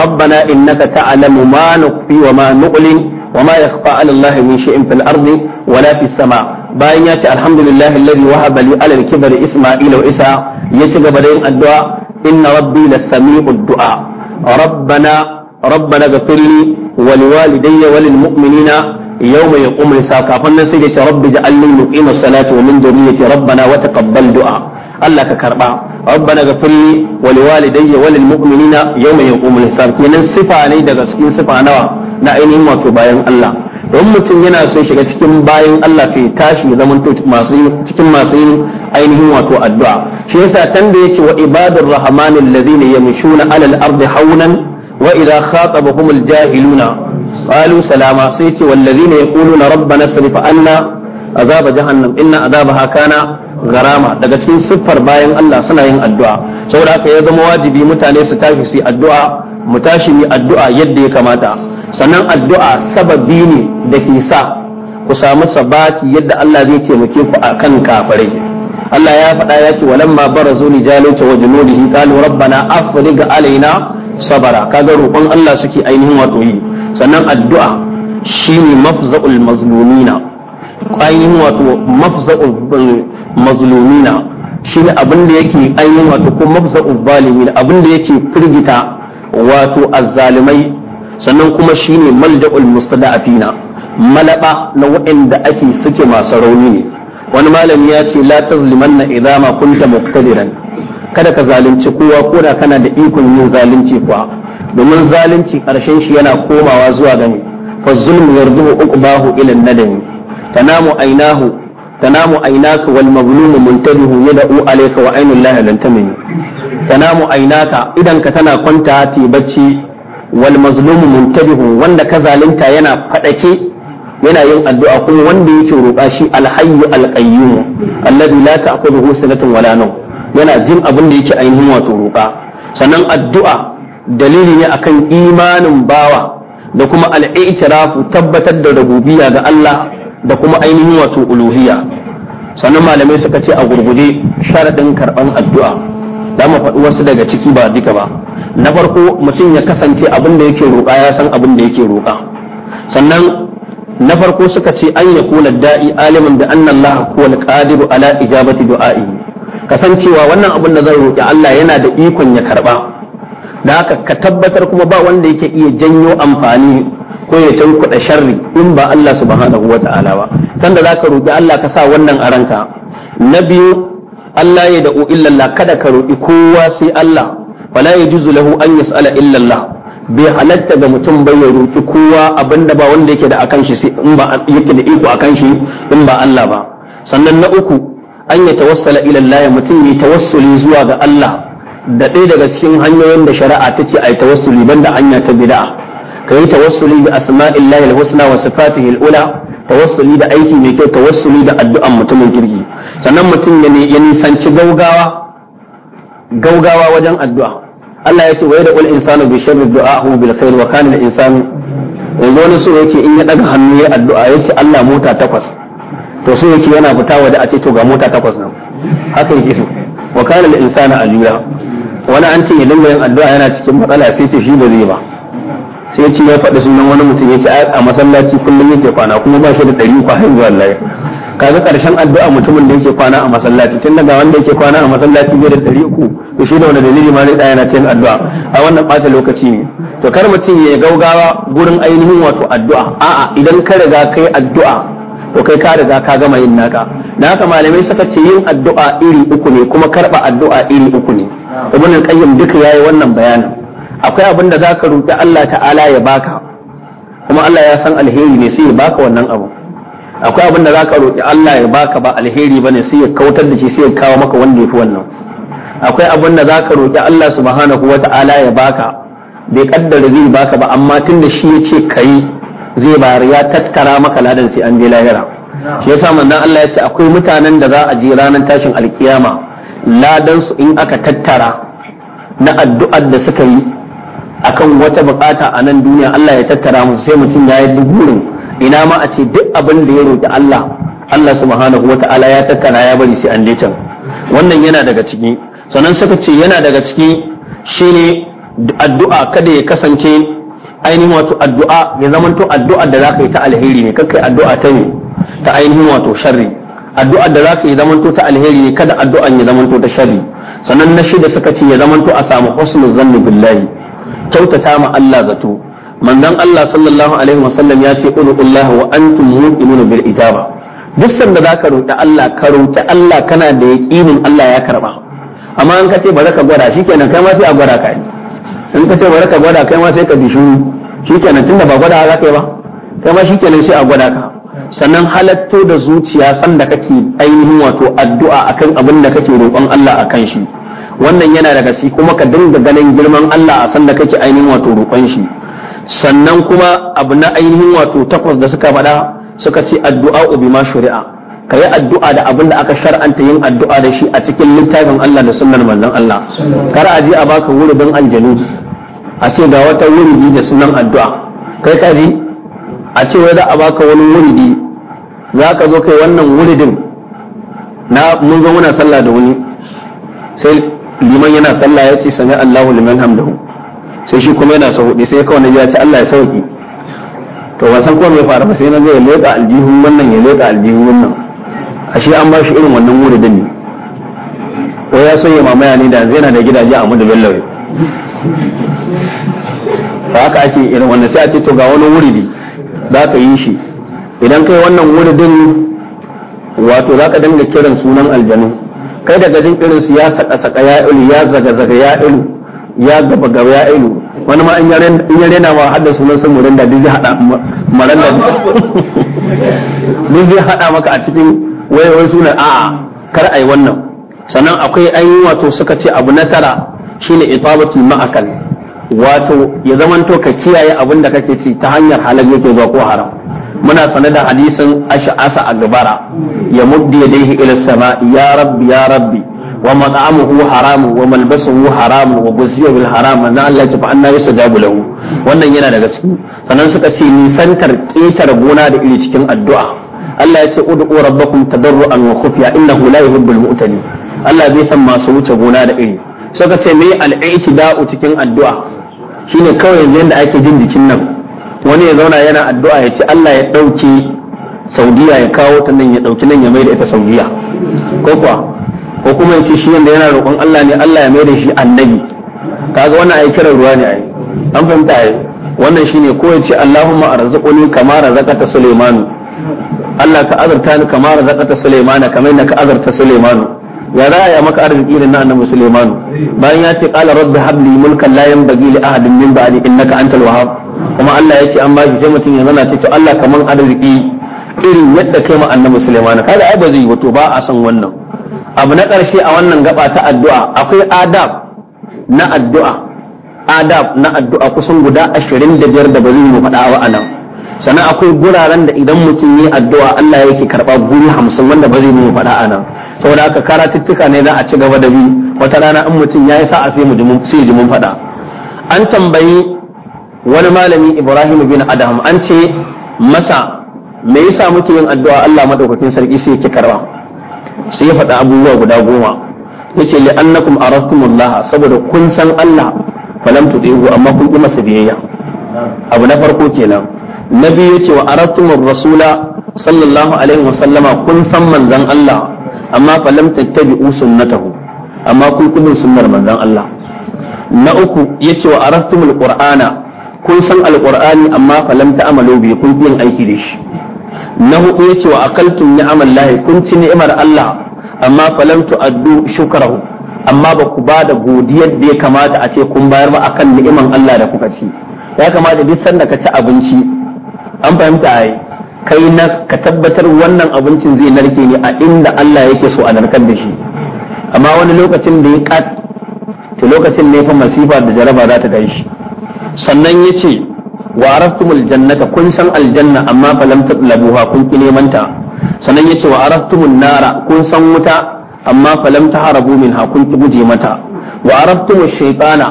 Speaker 1: ربنا إنك تعلم ما نخفي وما نعلن وما يخفى على الله من شيء في الأرض ولا في السماء bayan ya ce alhamdulillah alladhi wahaba li ala al-kibri isma'ila wa isa ya ci gaba da yin addu'a inna rabbi lasami'ud du'a rabbana rabbana ghfir li wa liwalidayya wa lil mu'minina yawma yaqumu hisab kafin na sai ya ce rabbi ja'alni muqima salati wa min dhurriyyati rabbana wa taqabbal du'a Allah ka karba rabbana ghfir li wa liwalidayya wa lil mu'minina yawma yaqumu hisab kenan sifa ne da gaske sifa nawa na ainihin wato bayan Allah don mutum yana so shiga cikin bayan Allah ke tashi zaman masu cikin masu yin ainihin wato addu'a shi yasa tanda yace wa ibadur rahmanil mu shuna alal ardi hawnan wa idza khatabahum aljahiluna qalu salama sai ce wallazina yaquluna rabbana sarif anna azab jahannam inna azabaha kana garama daga cikin siffar bayan Allah suna yin addu'a saboda haka ya zama wajibi mutane su tashi su addu'a mu tashi mu addu'a yadda ya kamata sannan addu'a sababi ne da ke sa ku samu sabati yadda Allah zai taimake ku akan kafare. Allah ya faɗa ya ce walamma barazu li jaluta wa junudihi qalu rabbana afrigh alaina sabara kaga roƙon Allah suke ainihin wato yi sannan addu'a shine mafza'ul mazlumina ainihin wato mafza'ul eh, mazlumina shine abin da yake ainihin wato ko mafza'ul zalimin abin da yake firgita wato azzalimai sannan kuma shine malda'ul mustada'afina malaba na waɗanda ake suke masu rauni ne wani malami ya ce la tazlimanna idama kunta muqtadiran kada ka zalunci kowa ko da kana da ikon yin zalunci kuwa domin zalunci karshen shi yana komawa zuwa gani, fa zulmu yarduhu uqbahu ila nadami tanamu ainahu tanamu ainaka wal mazlum muntabihu yad'u alayka wa ainu llahi lan tamini tanamu ainaka idan ka tana kwanta ti bacci wal mazlum muntabihu wanda ka zalunta yana fadake yana yin addu'a kuma wanda yake roƙa shi alhayyu alqayyum alladhi la ta'khudhuhu sanatun wala nawm yana jin abin da yake ainihin wato roƙa sannan addu'a dalili ne akan imanin bawa da kuma al'itirafu tabbatar da rububiyya ga Allah da kuma ainihin wato uluhiyya sannan malamai suka ce a gurguje sharadin karban addu'a da mu faɗi wasu daga ciki ba duka ba na farko mutum ya kasance abin da yake roƙa ya san abin da yake roƙa sannan na farko suka ce an ya kula da'i alimin da annallaha Allah qadiru ala ijabati du'a'i kasancewa wannan abin da zan roƙi Allah yana da ikon ya karɓa da haka ka tabbatar kuma ba wanda yake iya janyo amfani ko ya can kuɗa sharri in ba Allah subhanahu wa ta'ala ba sanda zaka roƙi Allah ka sa wannan a ranka na biyu Allah ya da'u illallah kada ka roƙi kowa sai Allah wala yajuzu lahu an yas'ala illallah bai halatta ga mutum bai ya roƙi kowa abinda ba wanda yake da akan shi in ba yake da iko akan shi in ba Allah ba sannan na uku an ya tawassala ila Allah mutum ya tawassuli zuwa ga Allah da ɗaya daga cikin hanyoyin da shari'a ta ce ai tawassuli da hanya ta bid'a kai tawassuli bi asma'illahi al-husna wa sifatihi al-ula tawassuli da aiki mai kyau tawassuli da addu'an mutumin kirki sannan mutum ya nisanci gaugawa gaugawa wajen addu'a Allah ya ce wa da ul insanu bi sharri du'a'ahu bil khair wa kana al insanu yanzu wani so yake in ya daga hannu ya addu'a yace Allah mota takwas to sai yace yana fita waje a ce to ga mota takwas nan haka yake so wa kana al insana ajura wani an ce idan addu'a yana cikin matsala sai ce shi ba zai ba sai yace ya faɗi sunan wani mutum yace a masallaci kullum yake kwana kuma ba shi da ɗari ko har zuwa Ka kaga karshen addu'a mutumin da yake kwana a masallaci tun daga wanda yake kwana a masallaci bai da ɗari uku to shi da wani dalili ma zai da yana cikin addu'a a wannan bata lokaci ne to kar mutum ya gaugawa gurin ainihin wato addu'a a'a idan ka riga kai addu'a to kai ka riga ka gama yin naka da haka malamai suka ce yin addu'a iri uku ne kuma karba addu'a iri uku ne ibn al-qayyim duka yayi wannan bayanin akwai abin da zaka roki Allah ta'ala ya baka kuma Allah ya san alheri ne sai ya baka wannan abu akwai abin da zaka roki Allah ya baka ba alheri bane sai ya kautar da shi sai ya kawo maka wanda yafi wannan akwai abin da zaka roki Allah subhanahu wata'ala ya baka bai kaddara zai baka ba amma tunda shi yace kai zai bayar ya tattara maka ladan sai an je lahira shi yasa manzon Allah ya ce akwai mutanen da za a je ranar tashin alkiyama ladan su in aka tattara na addu'ar da suka yi akan wata bukata a nan duniya Allah ya tattara musu sai mutum ya yi duburin ina ma a ce duk abin da ya roƙi Allah Allah subhanahu wata'ala ya tattara ya bari sai an je can wannan yana daga ciki sannan suka ce yana daga ciki shine addu'a kada ya kasance ainihin wato addu'a ya zamanto addu'a da zaka yi ta alheri ne kai addu'a ta ne ta ainihin wato sharri addu'a da zaka yi zamanto ta alheri ne kada addu'an ya zamanto ta sharri sannan na shida suka ce ya zamanto a samu husnul zanni billahi kyautata ma Allah zato manzon Allah sallallahu alaihi wasallam ya ce udullahi wa antum muqinuna bil ijaba duk sanda zaka roƙi Allah ka roƙi Allah kana da yaqinin Allah ya karba amma an ka ce bari ka gwada shikenan kai ma sai a gwada ka in ka ce bari ka gwada kai ma sai ka bi shiru shikenan tunda ba gwada za ka yi ba kai ma shikenan sai a gwada ka sannan halatto da zuciya sanda kake ainihin wato addu'a akan abin da kake roƙon Allah akan shi wannan yana daga shi kuma ka dinga ganin girman Allah a sanda kake ainihin wato roƙon shi sannan kuma abu na ainihin wato takwas da suka faɗa suka ce addu'a ubi ma shari'a ka yi addu'a da abin da aka shar'anta yin addu'a da shi a cikin littafin Allah da sunnar manzon Allah kar a je a baka wuridin aljanu a ce ga wata wuridi da sunan addu'a kai kaji a ce wai za a baka wani wuridi za ka zo kai wannan wuridin na mun zo muna sallah da wani sai liman yana sallah ya ce sami Allahu liman hamdahu sai shi kuma yana sahuɗi sai kawai ya ce Allah ya sauki to ban san kuma mai faru ba sai na zo ya leƙa aljihun wannan ya leƙa aljihun wannan ashe an ba shi irin wannan wuridin ne ko ya so ya mamaya ne da zai na da gidaje a mudu bello ba haka ake irin wanda sai a ce to ga wani wuri ne za ka yi shi idan kai wannan wuri din wato za ka dinga kiran sunan aljanu kai daga jin irin su ya saka saka ya ilu ya zaga zaga ya ilu ya gaba gaba ya ilu wani ma in yare na ma hada sunan sun wurin da duk zai hada maran da duk zai hada maka a cikin wayewar sunan a'a kar a yi wannan sannan akwai ayi wato suka ce abu na tara shine itabatul ma'akal wato ya zamanto ka kiyaye abin da kake ci ta hanyar halal yake zuwa ko haram muna sanar da hadisin ash'asa a gabara ya muddi yadayhi ila sama ya rabbi ya rabbi wa mat'amuhu haramu wa malbasuhu haramu wa ghuziya bil haram na Allah ya fa anna lahu wannan yana daga gaske. sannan suka ce nisantar ƙetare gona da iri cikin addu'a Allah ya ce ud'u rabbakum tadarruan wa khufiya innahu la yuhibbul mu'tadin Allah bai san masu wuce gona da iri suka ce mai al'aiki itidau cikin addu'a shine kawai yanzu yadda ake jin jikin nan wani ya zauna yana addu'a ya ce Allah ya ɗauki Saudiya ya kawo ta nan ya ɗauki nan ya mai da ita Saudiya ko kuwa ko kuma ya ce shi yanda yana roƙon Allah ne Allah ya mai da shi annabi kaga wannan ai kiran ruwa ne ai an fahimta ai wannan shine ko ya ce Allahumma arzuqni kama razaqata Sulaimanu Allah ka azarta ni kamar razaqata Sulaimana kamar yadda ka azarta Sulaimanu ya za a yi maka arziki irin na annabi Sulaimanu bayan ya ce kala rabbi habli mulkan la yanbaghi li ahadin min ba'di innaka antal wahhab kuma Allah ya ce an ba shi sai mutum ya zana ce to Allah kaman arziki irin yadda kai ma annabi Sulaiman kada ai ba zai wato ba a san wannan abu na karshe a wannan gaba ta addu'a akwai adab na addu'a adab na addu'a kusan guda ashirin da biyar da ba mu faɗa wa anan sannan akwai guraren da idan mutum yi addu'a Allah yake karba guri hamsin wanda ba zai mu faɗa a nan saboda haka karatuttuka ne za a ci gaba da bi wata rana in mutum ya yi sa'a sai mu sai ji mun faɗa an tambayi wani malami Ibrahim bin Adam an ce masa me yasa muke yin addu'a Allah madaukakin sarki sai yake karba sai ya faɗa abubuwa guda goma yace li'annakum araftumullah saboda kun san Allah falam tudihu amma kun kuma biyayya abu na farko kenan Nabi ya ce wa aratumur rasula sallallahu alaihi wa kun san manzan Allah amma falam na sunnatahu amma kun kun sunnar manzan Allah na uku ya ce wa aratumul qur'ana kun san alqur'ani amma falam ta amalo bi kun yin aiki da shi na hudu ce wa akaltum ni'amallahi kun ci ni'imar Allah amma falam tu tu'addu shukrahu amma ba ku ba da godiyar da ya kamata a ce kun bayar ba akan ni'iman Allah da kuka ci ya kamata duk sanda ka ci abinci an fahimta ai kai na ka tabbatar wannan abincin zai narke ne a inda Allah yake so a narkar da shi amma wani lokacin da ya kat ta lokacin ne fa masifa da jaraba za ta gaishe sannan yace wa araftumul jannata kun san aljanna amma falam tatlabuha kun ki neman ta sannan yace wa araftumun nara kun san wuta amma falam taharabu minha kun ki guje mata wa shaiɗana shaytana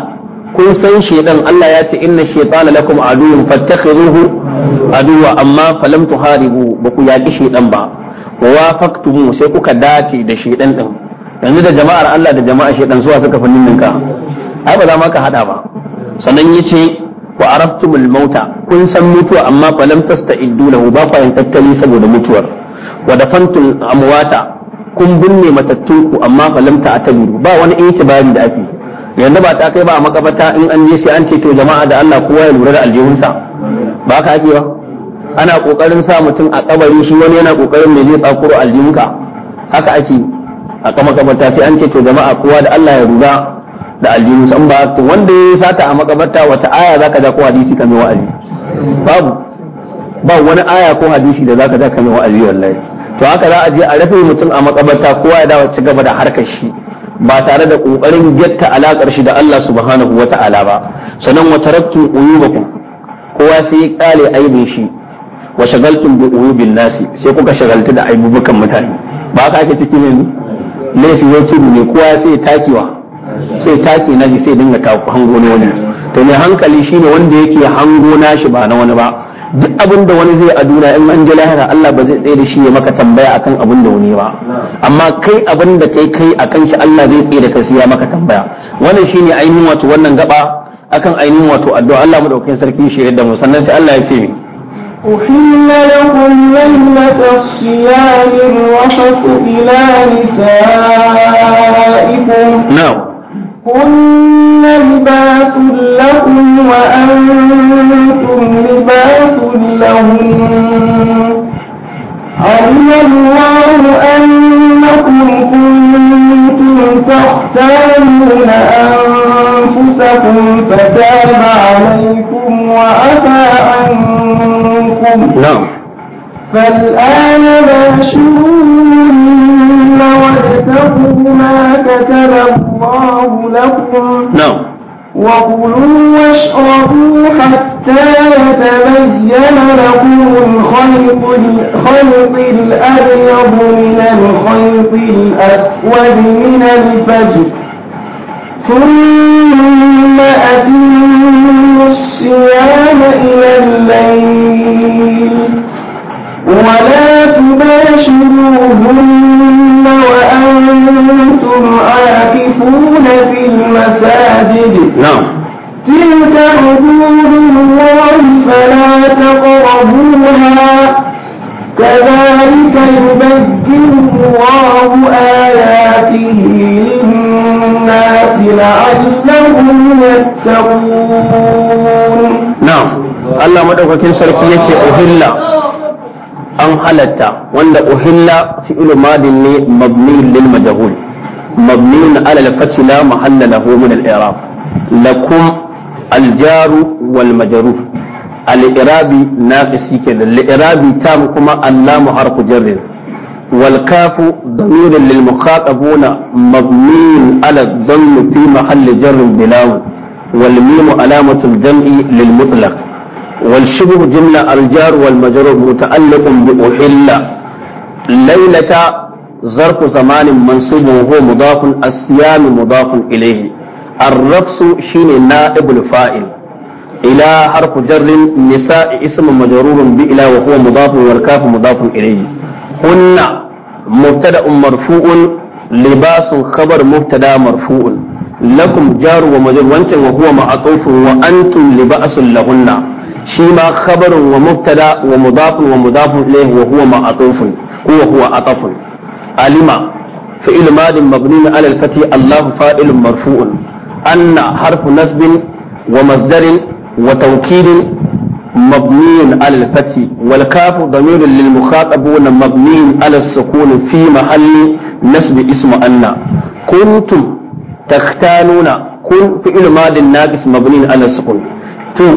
Speaker 1: kun san shaytan Allah ya ce inna shaytana lakum aduwwun fattakhidhuhu aduwa amma falam haribu ba ku yaƙi shaidan ba wa wafaqtumu sai kuka dace da shaidan din yanzu da jama'ar Allah da jama'ar shaidan zuwa suka fannin ninka ai ba za ma ka hada ba sannan yace wa araftumul mauta kun san mutuwa amma falam tasta'iddu lahu ba fa tattali saboda mutuwar wa dafantum amwata kun binne matattunku amma falamta a tabiru ba wani itibari da ake yanzu ba ta kai ba a makabata in an je sai an ce to jama'a da Allah kowa ya lura da aljihunsa ba ka ake ba ana kokarin sa mutum a kabari shi wani yana kokarin mai zai tsakuro aljinka haka ake a kama sai an ce to jama'a kowa da Allah ya ruga da aljinu san ba to wanda ya sata a makabarta wata aya zaka ja ko hadisi ka mai wa'azi babu ba wani aya ko hadisi da zaka ja ka mai wa'azi wallahi to haka za a je a rufe mutum a makabarta kowa ya dawo ci gaba da harkar shi ba tare da kokarin getta alakar shi da Allah subhanahu wata'ala ba sanan wa taraktu uyubakum kowa sai ya kale aibin shi wa shagaltum bi uyubin nasi sai kuka shagaltu da aibubukan mutane ba haka ake ciki ne laifi ya tudu ne kowa sai takiwa sai taki na sai dinga hango na wani to mai hankali shine wanda yake hango na shi ba na wani ba duk abin da wani zai aduna in an ji lahira Allah ba zai tsaye da shi ya maka tambaya akan abin da wani ba amma kai abin da kai kai akan shi Allah zai tsaye da kai ya maka tambaya wannan shine ainihin wato wannan gaba akan ainihin wato addu'a Allah madaukakin sarki shi da mu sannan sai Allah ya ce mi
Speaker 2: Uhimma lakum laylata siyam rahat ila nisaikum Na'am كن لباس لهم وأنتم لباس لهم علم الله أنكم كنتم تختارون أنفسكم أنفسكم فتاب عليكم وأتى عنكم نعم فالآن باشرون وابتغوا ما كتب الله لكم نعم وكلوا واشربوا حتى يتبين لكم الخيط الخيط الأبيض من الخيط الأسود من الفجر ثم ثم أتم الصيام إلى الليل ولا تباشروهن وأنتم عاكفون في المساجد نعم تلك حدود الله فلا تقربوها كذلك يبين الله آياته للناس الناس
Speaker 1: لعلهم يتقون نعم Allah madaukakin sarki yake uhilla an halatta wanda uhilla fi'il madin ne mabni lil majhul mabni ala al-fath la mahalla lahu min al-i'rab lakum aljaru jar wal majrur al-i'rabi naqisi kenan al-i'rabi kuma allamu harfu والكاف ضمير للمخاطبون مضمين على الضم في محل جر بلاو والميم علامة الجمع للمطلق والشبه جملة الجار والمجرور متعلق بأحل ليلة ظرف زمان منصوب وهو مضاف الصيام مضاف إليه الرقص شين نائب الفاعل إلى حرف جر نساء اسم مجرور بإلى وهو مضاف والكاف مضاف إليه hunna mubtada'un marfu'un libasun khabar mubtada marfu'un lakum jaru wa majrur wancan wa huwa ma'atufun wa antum libasun shi ma khabarun wa mubtada wa mudafun wa mudafun atafun alima فعل ماد مبني على الفتح الله فاعل مرفوع nasbin, حرف نصب ومصدر وتوكيد مبني على الفتح والكاف ضمير للمخاطبون مبني على السكون في محل نسب اسم أن كنتم تختانون كن فعل ماد ناقص مبني على السكون تو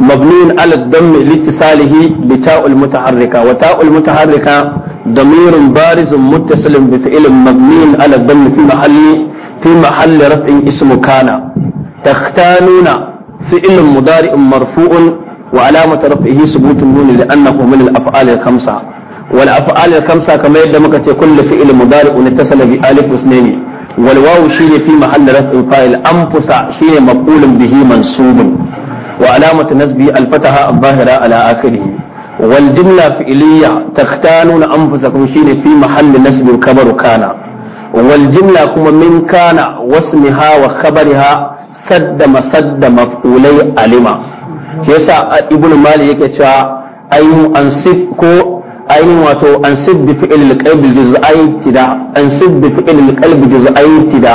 Speaker 1: مبني على الضم لاتصاله بتاء المتحركة وتاء المتحركة ضمير بارز متصل بفعل مبني على الضم في محل في محل رفع اسم كان تختانون فعل مضارع مرفوع وعلامة رفعه ثبوت النون لأنه من الأفعال الخمسة والأفعال الخمسة كما يد مكة كل فعل مضارع اتصل بألف واثنين والواو شين في محل رفع فاعل أنفس شين مقول به منصوب وعلامة نسبه الفتحة الظاهرة على آخره والجملة فعلية تختانون أنفسكم شين في محل نسب كبر كان والجملة كما من كان واسمها وخبرها سد مسد مفعولي علما ke yasa ibnu mali yake cewa ainu ansib ko ainu wato ansib bi fi'il al-qalb juz'ai tida ansib bi fi'il al-qalb juz'ai tida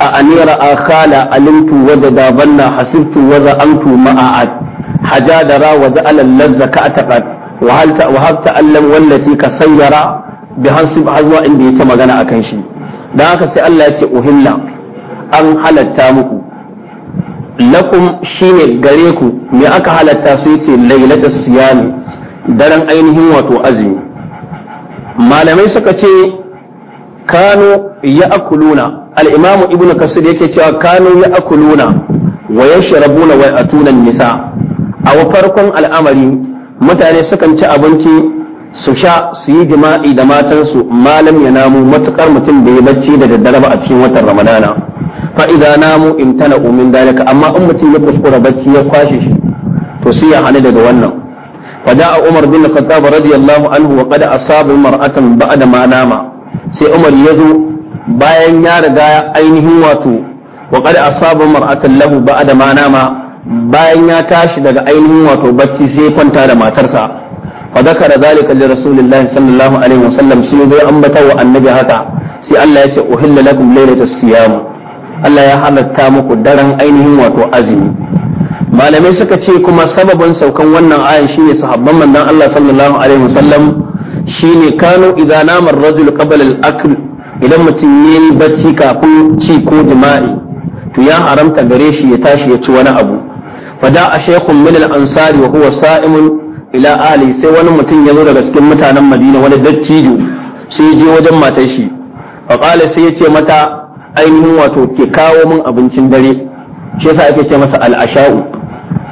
Speaker 1: a anira akhala alimtu wajada banna hasibtu wa za'amtu ma'ad hajadara wa alal ladza ka ataqad wa hal ta wa hab allam wallati kasayyara bi hasib hazwa inda yake magana akan shi dan haka sai Allah yake uhilla an halatta muku lakum shine gare ku me aka halatta sai ce lailatul Siyami, daren ainihin wato azumi malamai suka ce Kano ya'kuluna al-imamu ibnu kasir yake cewa Kano Ya'akuluna wa yashrabuna wa atuna nisa a farkon al'amari mutane sukan ci abinci su sha su yi jima'i da matansu malam ya namu matukar mutum da ya bacci da daddare a cikin watan ramadana fa idza namu imtana min dalika amma in mutum ya kuskura bacci ya kwashe shi to sai ya hana daga wannan fa da'a umar bin khattab radiyallahu anhu wa qad asaba mar'atan ba'da ma nama sai umar ya zo bayan ya riga ainihin wato wa qad asaba mar'atan lahu ba'da ma nama bayan ya tashi daga ainihin wato bacci sai ya kwanta da matarsa fa zakara zalika li rasulillahi sallallahu alaihi wasallam sai zai ambata wa annabi haka sai Allah ya ce uhilla lakum laylatas siyam Allah ya halatta muku daren ainihin wato azumi malamai suka ce kuma sababin saukan wannan ayan shine sahabban manzon Allah sallallahu alaihi wasallam shine kanu idza nama ar-rajul qabla al-akl idan mutum yayi bacci kafin ci ko jima'i to ya haramta gare shi ya tashi ya ci wani abu fada a shaykhun min al-ansari wa huwa sa'imun ila ali sai wani mutum ya zo daga cikin mutanen Madina wani dattijo sai ya je wajen matar shi fa qala sai ya ce mata ainihin wato ke kawo min abincin dare shi yasa ake ce masa al'asha'u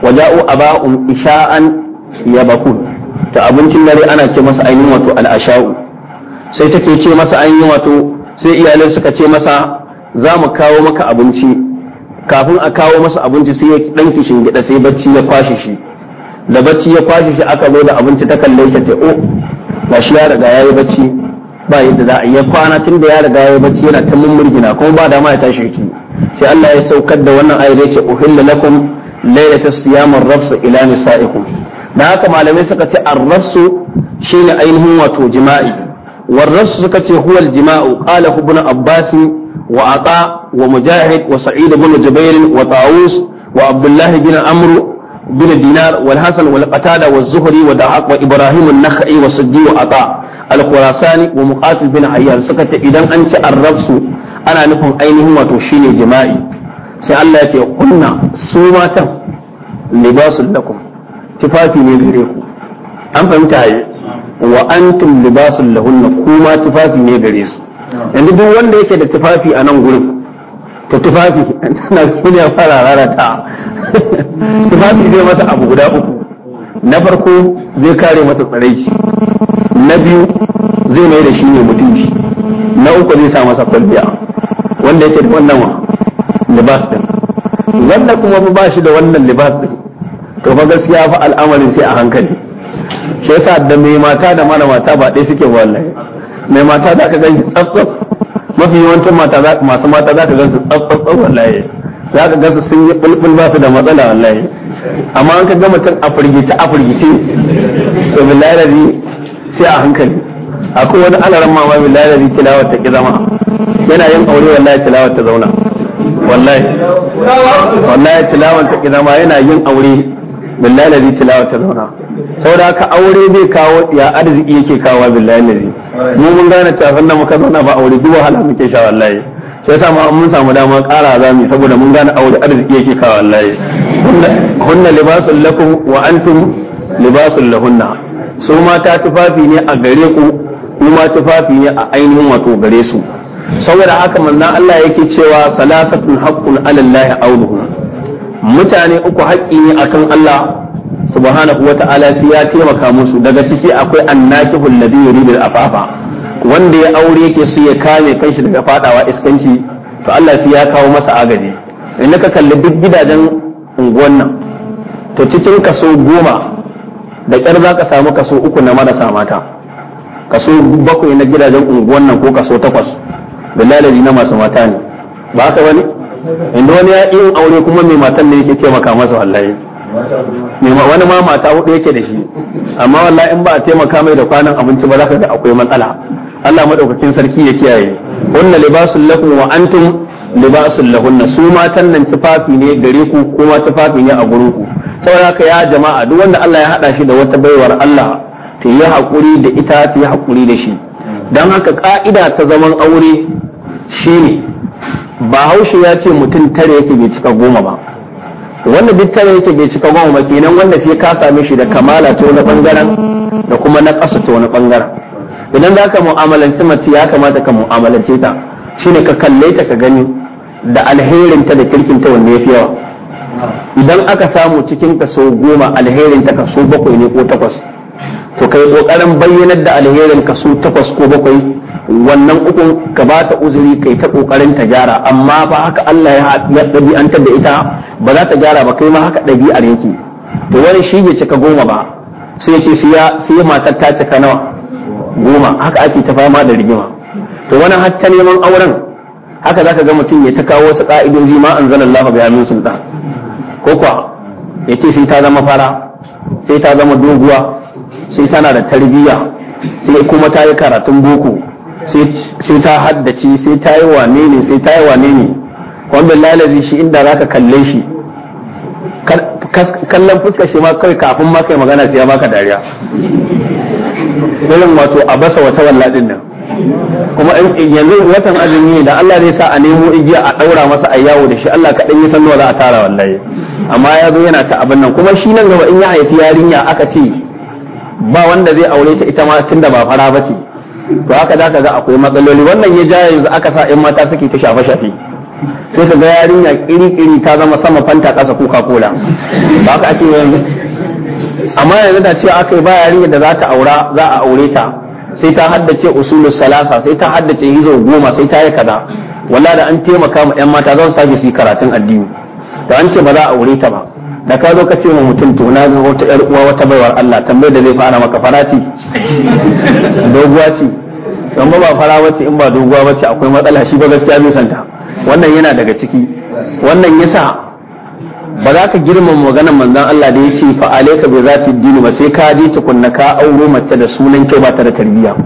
Speaker 1: wa ja'u aba'un isha'an yabakun to abincin dare ana ce masa ainihin wato al'asha'u sai take ce masa ainihin wato sai iyalai suka ce masa za mu kawo maka abinci kafin a kawo masa abinci sai ya dan kishin gida sai bacci ya kwashe shi da bacci ya kwashe shi aka zo da abinci ta kalle shi ta o oh, shi ya riga yayi bacci ba yadda za a iya kwana tun da ya riga ya bacci yana ta mummurgina kuma ba dama ya tashi yake sai Allah ya saukar da wannan ayar yace uhilla lakum laylata siyamar rafsu ila nisaikum da haka malamai suka ce ar-rafsu shine ainihin wato jima'i war rafsu suka ce huwa al-jima'u qala ibn abbas wa ata wa mujahid wa sa'id ibn jubair wa ta'us wa abdullah bin amr bin dinar wal hasan wal qatada wal zuhri wa da'aq wa ibrahim an-nakhai wa siddi wa ata al-khurasani wa muqatil bin ayyan suka ce idan an ci arrabsu ana nufin ainihin wato shine jima'i sai Allah ya ce kunna su matan libasul lakum tufafi ne gare ku an fahimta yi wa antum libasul lahunna kuma tufafi ne gare su yanzu duk wanda yake da tufafi a nan gurin ta tufafi na shine fara rarata tufafi zai masa abu guda uku na farko zai kare masa tsaraici na biyu zai mai da shi ne mutunci na uku zai sa masa kwalbiya wanda ya ce da wannan libas din wanda kuma ba shi da wannan libas din to fa gaskiya fa al'amarin sai a hankali shi yasa da mai mata da mara mata ba ɗaya suke wallahi mai mata za ka ganshi tsaf mafi yawancin mata masu mata za ka gansu tsaf tsaf wallahi za ka gansu sun yi bulbul ba su da matsala wallahi amma an ka ga mutum a firgice a firgice to billahi sai a hankali akwai wani alaran mama da lalari tilawa ta ki zama yana yin aure wallahi tilawa ta zauna wallahi wallahi tilawa ta ki zama yana yin aure billahi lalari tilawa ta zauna saboda haka aure zai kawo ya arziki yake kawo billahi lalari mu mun gane cewa nan muka zauna ba aure duk wahala muke sha wallahi sai sa mu mun samu dama ƙara za mu saboda mun gane aure arziki yake kawo wallahi kunna libasul lakum wa antum libasul lahunna su mata tufafi ne a gare ku kuma tufafi ne a ainihin wato gare su saboda haka manzon Allah yake cewa salasatun haqqun alallahi auluhu mutane uku haƙƙi ne akan Allah subhanahu wata'ala shi ya taimaka musu daga ciki akwai annakihul ladhi yuridu afafa wanda ya aure yake so ya kame kanshi daga fadawa iskanci to Allah shi ya kawo masa agaji in ka kalli duk gidajen unguwan nan to cikin kaso goma da ƙyar za ka samu kaso uku na marasa mata kaso bakwai na gidajen unguwan nan ko kaso takwas billahi na masu mata ne ba haka bane inda wani ya yi aure kuma mai matan ne yake taimaka masa wallahi wani ma mata hudu yake da shi amma wallahi in ba a taimaka mai da kwanan abinci ba za ka ga akwai matsala Allah madaukakin sarki ya kiyaye hunna libasul lakum wa antum libasul lahunna su matan nan tufafi ne gare ku kuma tufafi ne a gurin ku saboda haka ya jama'a duk wanda Allah ya hada shi da wata baiwar Allah ta yi haƙuri da ita ta yi haƙuri da shi don haka ƙa'ida ta zaman aure shi ne ba haushe ya ce mutum tare yake bai cika goma ba wanda duk tare yake bai cika goma ba kenan wanda sai ka same shi da kamala ta wani bangaren da kuma na ƙasa ta wani bangaren idan za ka mu'amalanci mace ya kamata ka mu'amalance ta shine ka kalle ta ka gani da alherin ta da kirkin ta wanda ya fi yawa idan aka samu cikin kaso goma alherin alherinta kaso bakwai ne ko takwas to kai kokarin bayyanar da alherin ka su takwas ko bakwai wannan ukun ka ba ta uzuri kai ta kokarin ta gyara amma ba haka Allah ya ya da ita ba za ta gyara ba kai ma haka dabi'ar yake to wani shi bai cika goma ba sai ya ce sai ya matar ta cika nawa goma haka ake ta fama da rigima to wani hatta neman auren haka zaka ga mutum ya ta kawo wasu ka'idoji ma anzalallahu bi amin sulɗa ko kuwa ya ce sai ta zama fara sai ta zama doguwa sai tana da tarbiyya sai kuma ta yi karatun boko sai ta haddace sai ta yi wane ne sai ta yi wane ne wanda lalazi shi inda za ka kalle shi kallon fuska shi ma kai kafin ma kai magana sai ya baka dariya irin wato a basa wata wallaɗin nan kuma yanzu watan azumi da Allah zai sa a nemo igiya a daura masa a yawo da shi Allah kaɗan ya san za a tara wallahi amma ya zo yana ta abin nan kuma shi nan gaba in ya haifi yarinya aka ce ba wanda zai aure ta ita ma tunda ba fara ce to haka za ka ga akwai matsaloli wannan ya ja yanzu aka sa yan mata suke ta shafe shafe sai ka ga yarinya iri-iri ta zama sama fanta kasa kuka-kola. ba haka ake yanzu amma yanzu da cewa aka yi ba yarinya da za ta aura za a aure ta sai ta haddace usulun salasa sai ta haddace hizo goma sai ta yi kaza walla da an taimaka ma yan mata zan sake su yi karatun addini da an ce ba za a aure ta ba da ka zo ka ce wa mutum to na ga wata yar uwa wata baiwar Allah tambayar da zai fara maka fara ce doguwa ce don ba fara wace in ba doguwa wacce akwai matsala shi ba gaskiya zai santa wannan yana daga ciki wannan yasa ba za ka girma maganar manzon Allah da yace fa alayka bi zati dini ba sai ka ji tukunna ka auro mace da sunan kyau ba ta da tarbiyya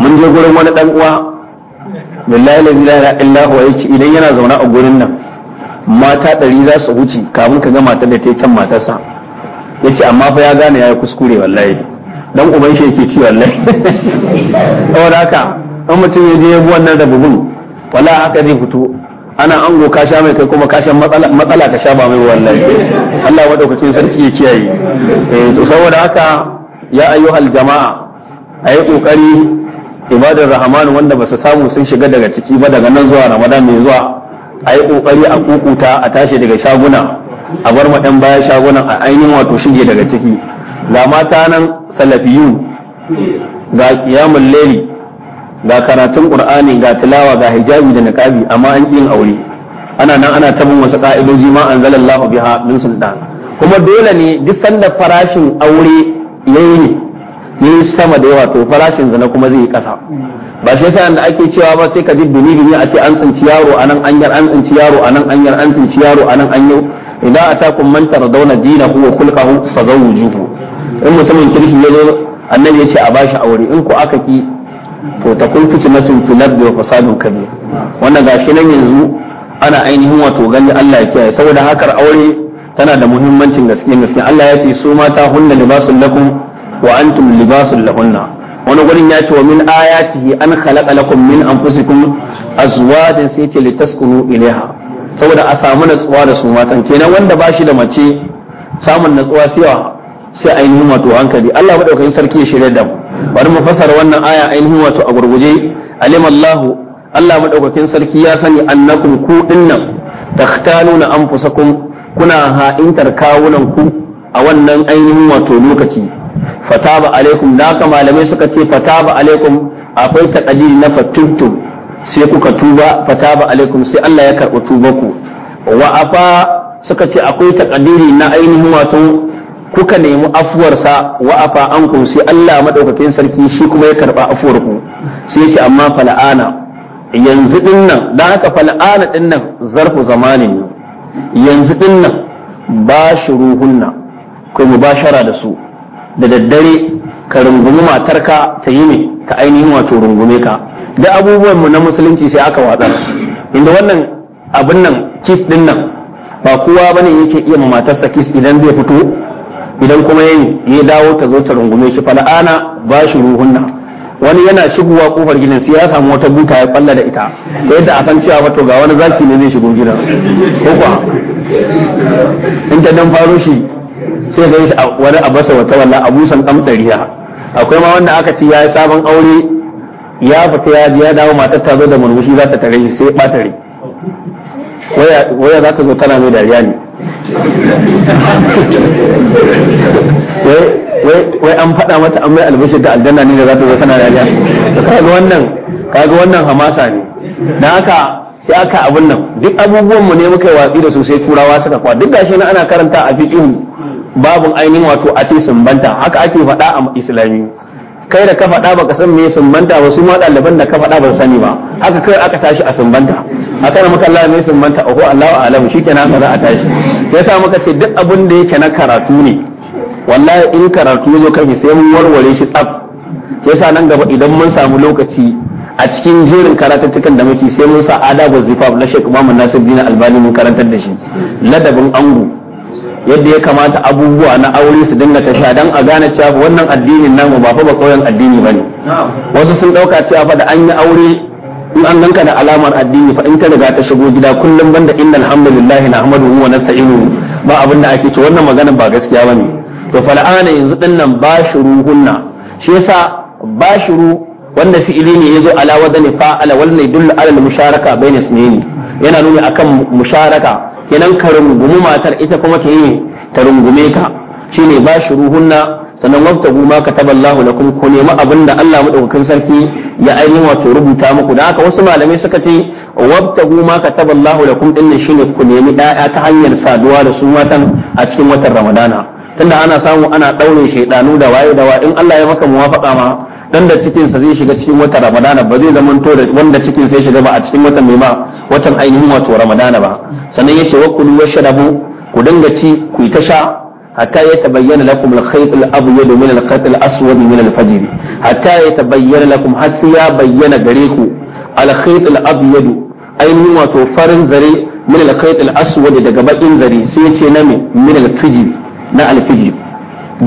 Speaker 1: mun je gurin wani dan uwa billahi la ilaha illa huwa yace idan yana zauna a gurin nan mata ɗari za su wuce kafin ka ga matar da ta yi kyan matarsa ya ce amma fa ya gane ya yi kuskure wallahi dan uban shi yake ci wallahi saboda haka an mutum ya je ya bi wannan bugun, wala haka zai fito ana ango ka sha mai kai kuma ka sha matsala ka sha ba mai wallahi Allah madaukakin sarki ya kiyaye eh, saboda haka ya ayyuhal jama'a ayi kokari ibadar rahman wanda ba su samu sun shiga daga ciki ba daga nan zuwa ramadan mai zuwa a yi ƙoƙari a kukuta a tashi daga shaguna a bar ɗan baya shagunan a ainihin wato shige daga ciki ga mata nan salafiyun ga kiyamun leli ga karatun ƙur'ani ga tilawa ga hijabi da niqabi amma an yin aure ana nan ana tabin wasu ƙa'idoji ma anzalallahu biha min sultan kuma dole ne duk sanda farashin aure yayi ne sama da yawa to farashin zina kuma zai yi ƙasa ba shi yasa da ake cewa ba sai ka ji dumi dumi a ce an tsinci yaro anan an yar an tsinci yaro anan an yar an tsinci yaro anan an yau idan atakum man tardawna dinahu wa khulquhu fazawjuhu in mutumin kirki ya zo annabi ya ce a bashi aure in ku aka ki to ta kun fitnatun da ardi wa fasadun
Speaker 2: wanda ga gashi nan yanzu
Speaker 1: ana ainihin wato gani Allah ya kiyaye saboda hakar aure tana da muhimmancin gaske gaske Allah ya ce su mata hunna libasul lakum wa antum libasul lahunna wani gurin ya ce wa min ciki, an khalaqa lakum min anfusikum azwajan sai ce litaskunu ilaiha saboda a samu natsuwa da su matan kenan wanda ba shi da mace samun natsuwa sai sai ainihin wato hankali Allah madaukakin sarki ya shirya da mu bari mu fasara wannan aya ainihin wato a gurguje Alimallahu. Allah Allah madaukakin sarki ya sani annakum ku dinnan takhtaluna anfusakum kuna ha'intar kawunan ku a wannan ainihin wato lokaci fataba alaikum da haka malamai suka ce fataba alaikum akwai takadiri na fatuntum sai kuka tuba fataba alaikum sai Allah ya karɓi tubanku wa afa suka ce akwai takadiri na ainihin wato kuka nemi afuwarsa wa afa ankum sai Allah madaukakin sarki shi kuma ya karɓa ku sai yake amma fal'ana yanzu din nan da haka fal'ana din nan zarfu zamanin yanzu din nan ba ruhunna ko mubashara da su da daddare ka rungumi matarka ta yi ne ta ainihin wato rungume ka da abubuwan mu na musulunci sai aka watsa inda wannan abin nan kis din nan ba kowa bane yake iya ma matarsa kis idan zai fito idan kuma yayi ya dawo ta zo ta rungume shi Fa la'ana ba shi ruhunna wani yana shigowa kofar gidan sai ya samu wata buta ya balla da ita ta yadda a san cewa to ga wani zaki ne zai shigo gidan ko kuwa in ta dan faro shi sai ga shi wani abasa wata walla abusan dan dariya akwai ma wanda aka ci yayi sabon aure ya fita ya ji ya dawo matar ta zo da murmushi za ta tare shi sai ba tare waya za ta zo tana mai dariya ne wai an faɗa mata an mai albishir da aljanna ne da za ta zo tana dariya kaga wannan kaga wannan hamasa ne dan haka sai aka abin nan duk abubuwan mu ne muka yi watsi da su sai turawa suka kwa duk gashi na ana karanta a fiqihu babun ainihin wato a ce sumbanta haka ake faɗa a islami kai da ka faɗa ba ka san me sumbanta ba su ma ɗaliban da ka faɗa ba sani ba haka kai aka tashi a sumbanta a kana maka Allah mai sumbanta oho Allahu a'lamu shikenan haka za a tashi yasa muka ce duk abin da yake na karatu ne wallahi in karatu zo kai sai mun warware shi tsaf yasa nan gaba idan mun samu lokaci a cikin jerin karatuttukan da muke sai mun sa adabu zifaf na Sheikh Muhammad Nasiru Dina Albani mun karantar da shi ladabin ango yadda ya kamata abubuwa na aure su dinga tafiya dan a gane cewa wannan addinin namu ba fa ba kauyen addini bane wasu sun dauka cewa fa da an yi aure in an ganka da alamar addini fa in ta riga ta shigo gida kullum banda inna alhamdulillahi nahmaduhu wa nasta'inu ba abin da ake ce wannan magana ba gaskiya ba ne. to fal'ana yanzu dinnan hunna shi yasa bashiru wanda fi'ili ne yazo ala wadani fa'ala wal ne dullu ala al musharaka bainas yana nuni akan musharaka kenan ka rungumi matar ita kuma ta yi ta rungume ka shine ba shi ruhunna sannan wabtagu ma kataballahu lakum ku nemi abin da Allah madaukakin sarki ya ainihin wato rubuta muku da haka wasu malamai suka ce ka taba Allahu lakum din ne shine ku nemi ɗaya ta hanyar saduwa da su matan a cikin watan Ramadana tunda ana samu ana ɗaure shaidanu da waye da in Allah ya maka muwafaka ma dan da cikin sa zai shiga cikin watan Ramadana ba zai zama to da wanda cikin sai shiga ba a cikin watan mai ma watan ainihin wato ramadana ba sannan yace wa kulu washrabu ku dinga ci ku ta sha hatta tabayyana lakum al-khayt al-abyad min al-khayt al-aswad min al-fajr hatta tabayyana lakum hatta ya bayyana gare ku al-khayt al-abyad ainihin wato farin zare min al-khayt al-aswad daga bakin zare sai yace na min al-fajr na al-fajr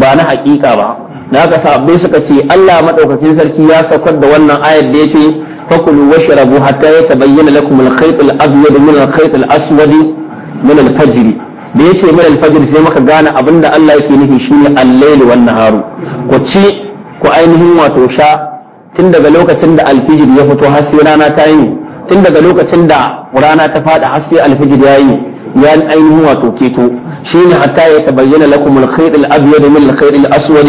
Speaker 1: ba na haƙiƙa ba na haka sabbai suka ce Allah madaukakin sarki ya saukar da wannan ayar da yace fakulu washrabu hatta yatabayyana lakum al-khayt al-abyad min al-khayt al-aswad min al-fajr da yace min al sai maka gane abinda Allah yake nufi shine al-layl wan naharu ku ci ku ainihin wato sha tun daga lokacin da alfijir ya fito har sai rana ta yi tun daga lokacin da rana ta fada har sai alfijir ya yi ya ainihin wato keto shine hatta ya tabayyana lakum al-khayt al-abyad min al-khayt al-aswad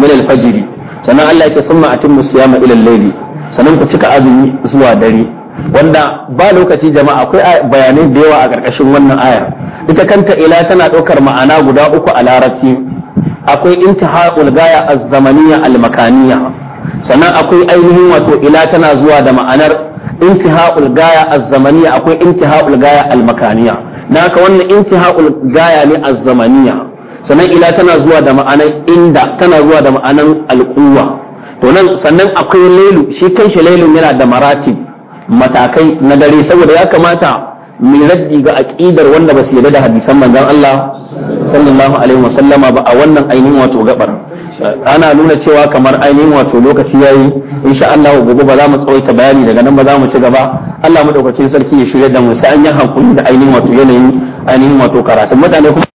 Speaker 1: min al-fajr sannan Allah ya ce summa atimmu siyama ila al-layli sannan ku cika azumi zuwa dare wanda ba lokaci jama'a akwai bayanai da yawa a ƙarƙashin wannan ayar ita kanta ila tana ɗaukar ma'ana guda uku a larabci akwai intihaul gaya az-zamaniyya al-makaniyya sannan akwai ainihin wato ila tana zuwa da ma'anar intihaul gaya az-zamaniyya akwai intihaul gaya al-makaniyya na haka wannan intihaul gaya ne az-zamaniyya sannan ila tana zuwa da ma'anar inda tana zuwa da ma'anar al-quwwa to nan sannan akwai lelu shi kanshi lelu yana da maratib matakai na dare saboda ya kamata mai raddi ga aƙidar wanda ba su yarda da hadisan manzon Allah sallallahu alaihi wa sallama ba a wannan ainihin wato gabar ana nuna cewa kamar ainihin wato lokaci yayi insha Allah gobe ba za mu tsawaita bayani daga nan ba za mu ci gaba Allah madaukakin sarki ya shirya da mu sai an yi hankali da ainihin wato yanayin
Speaker 2: ainihin wato karatu mutane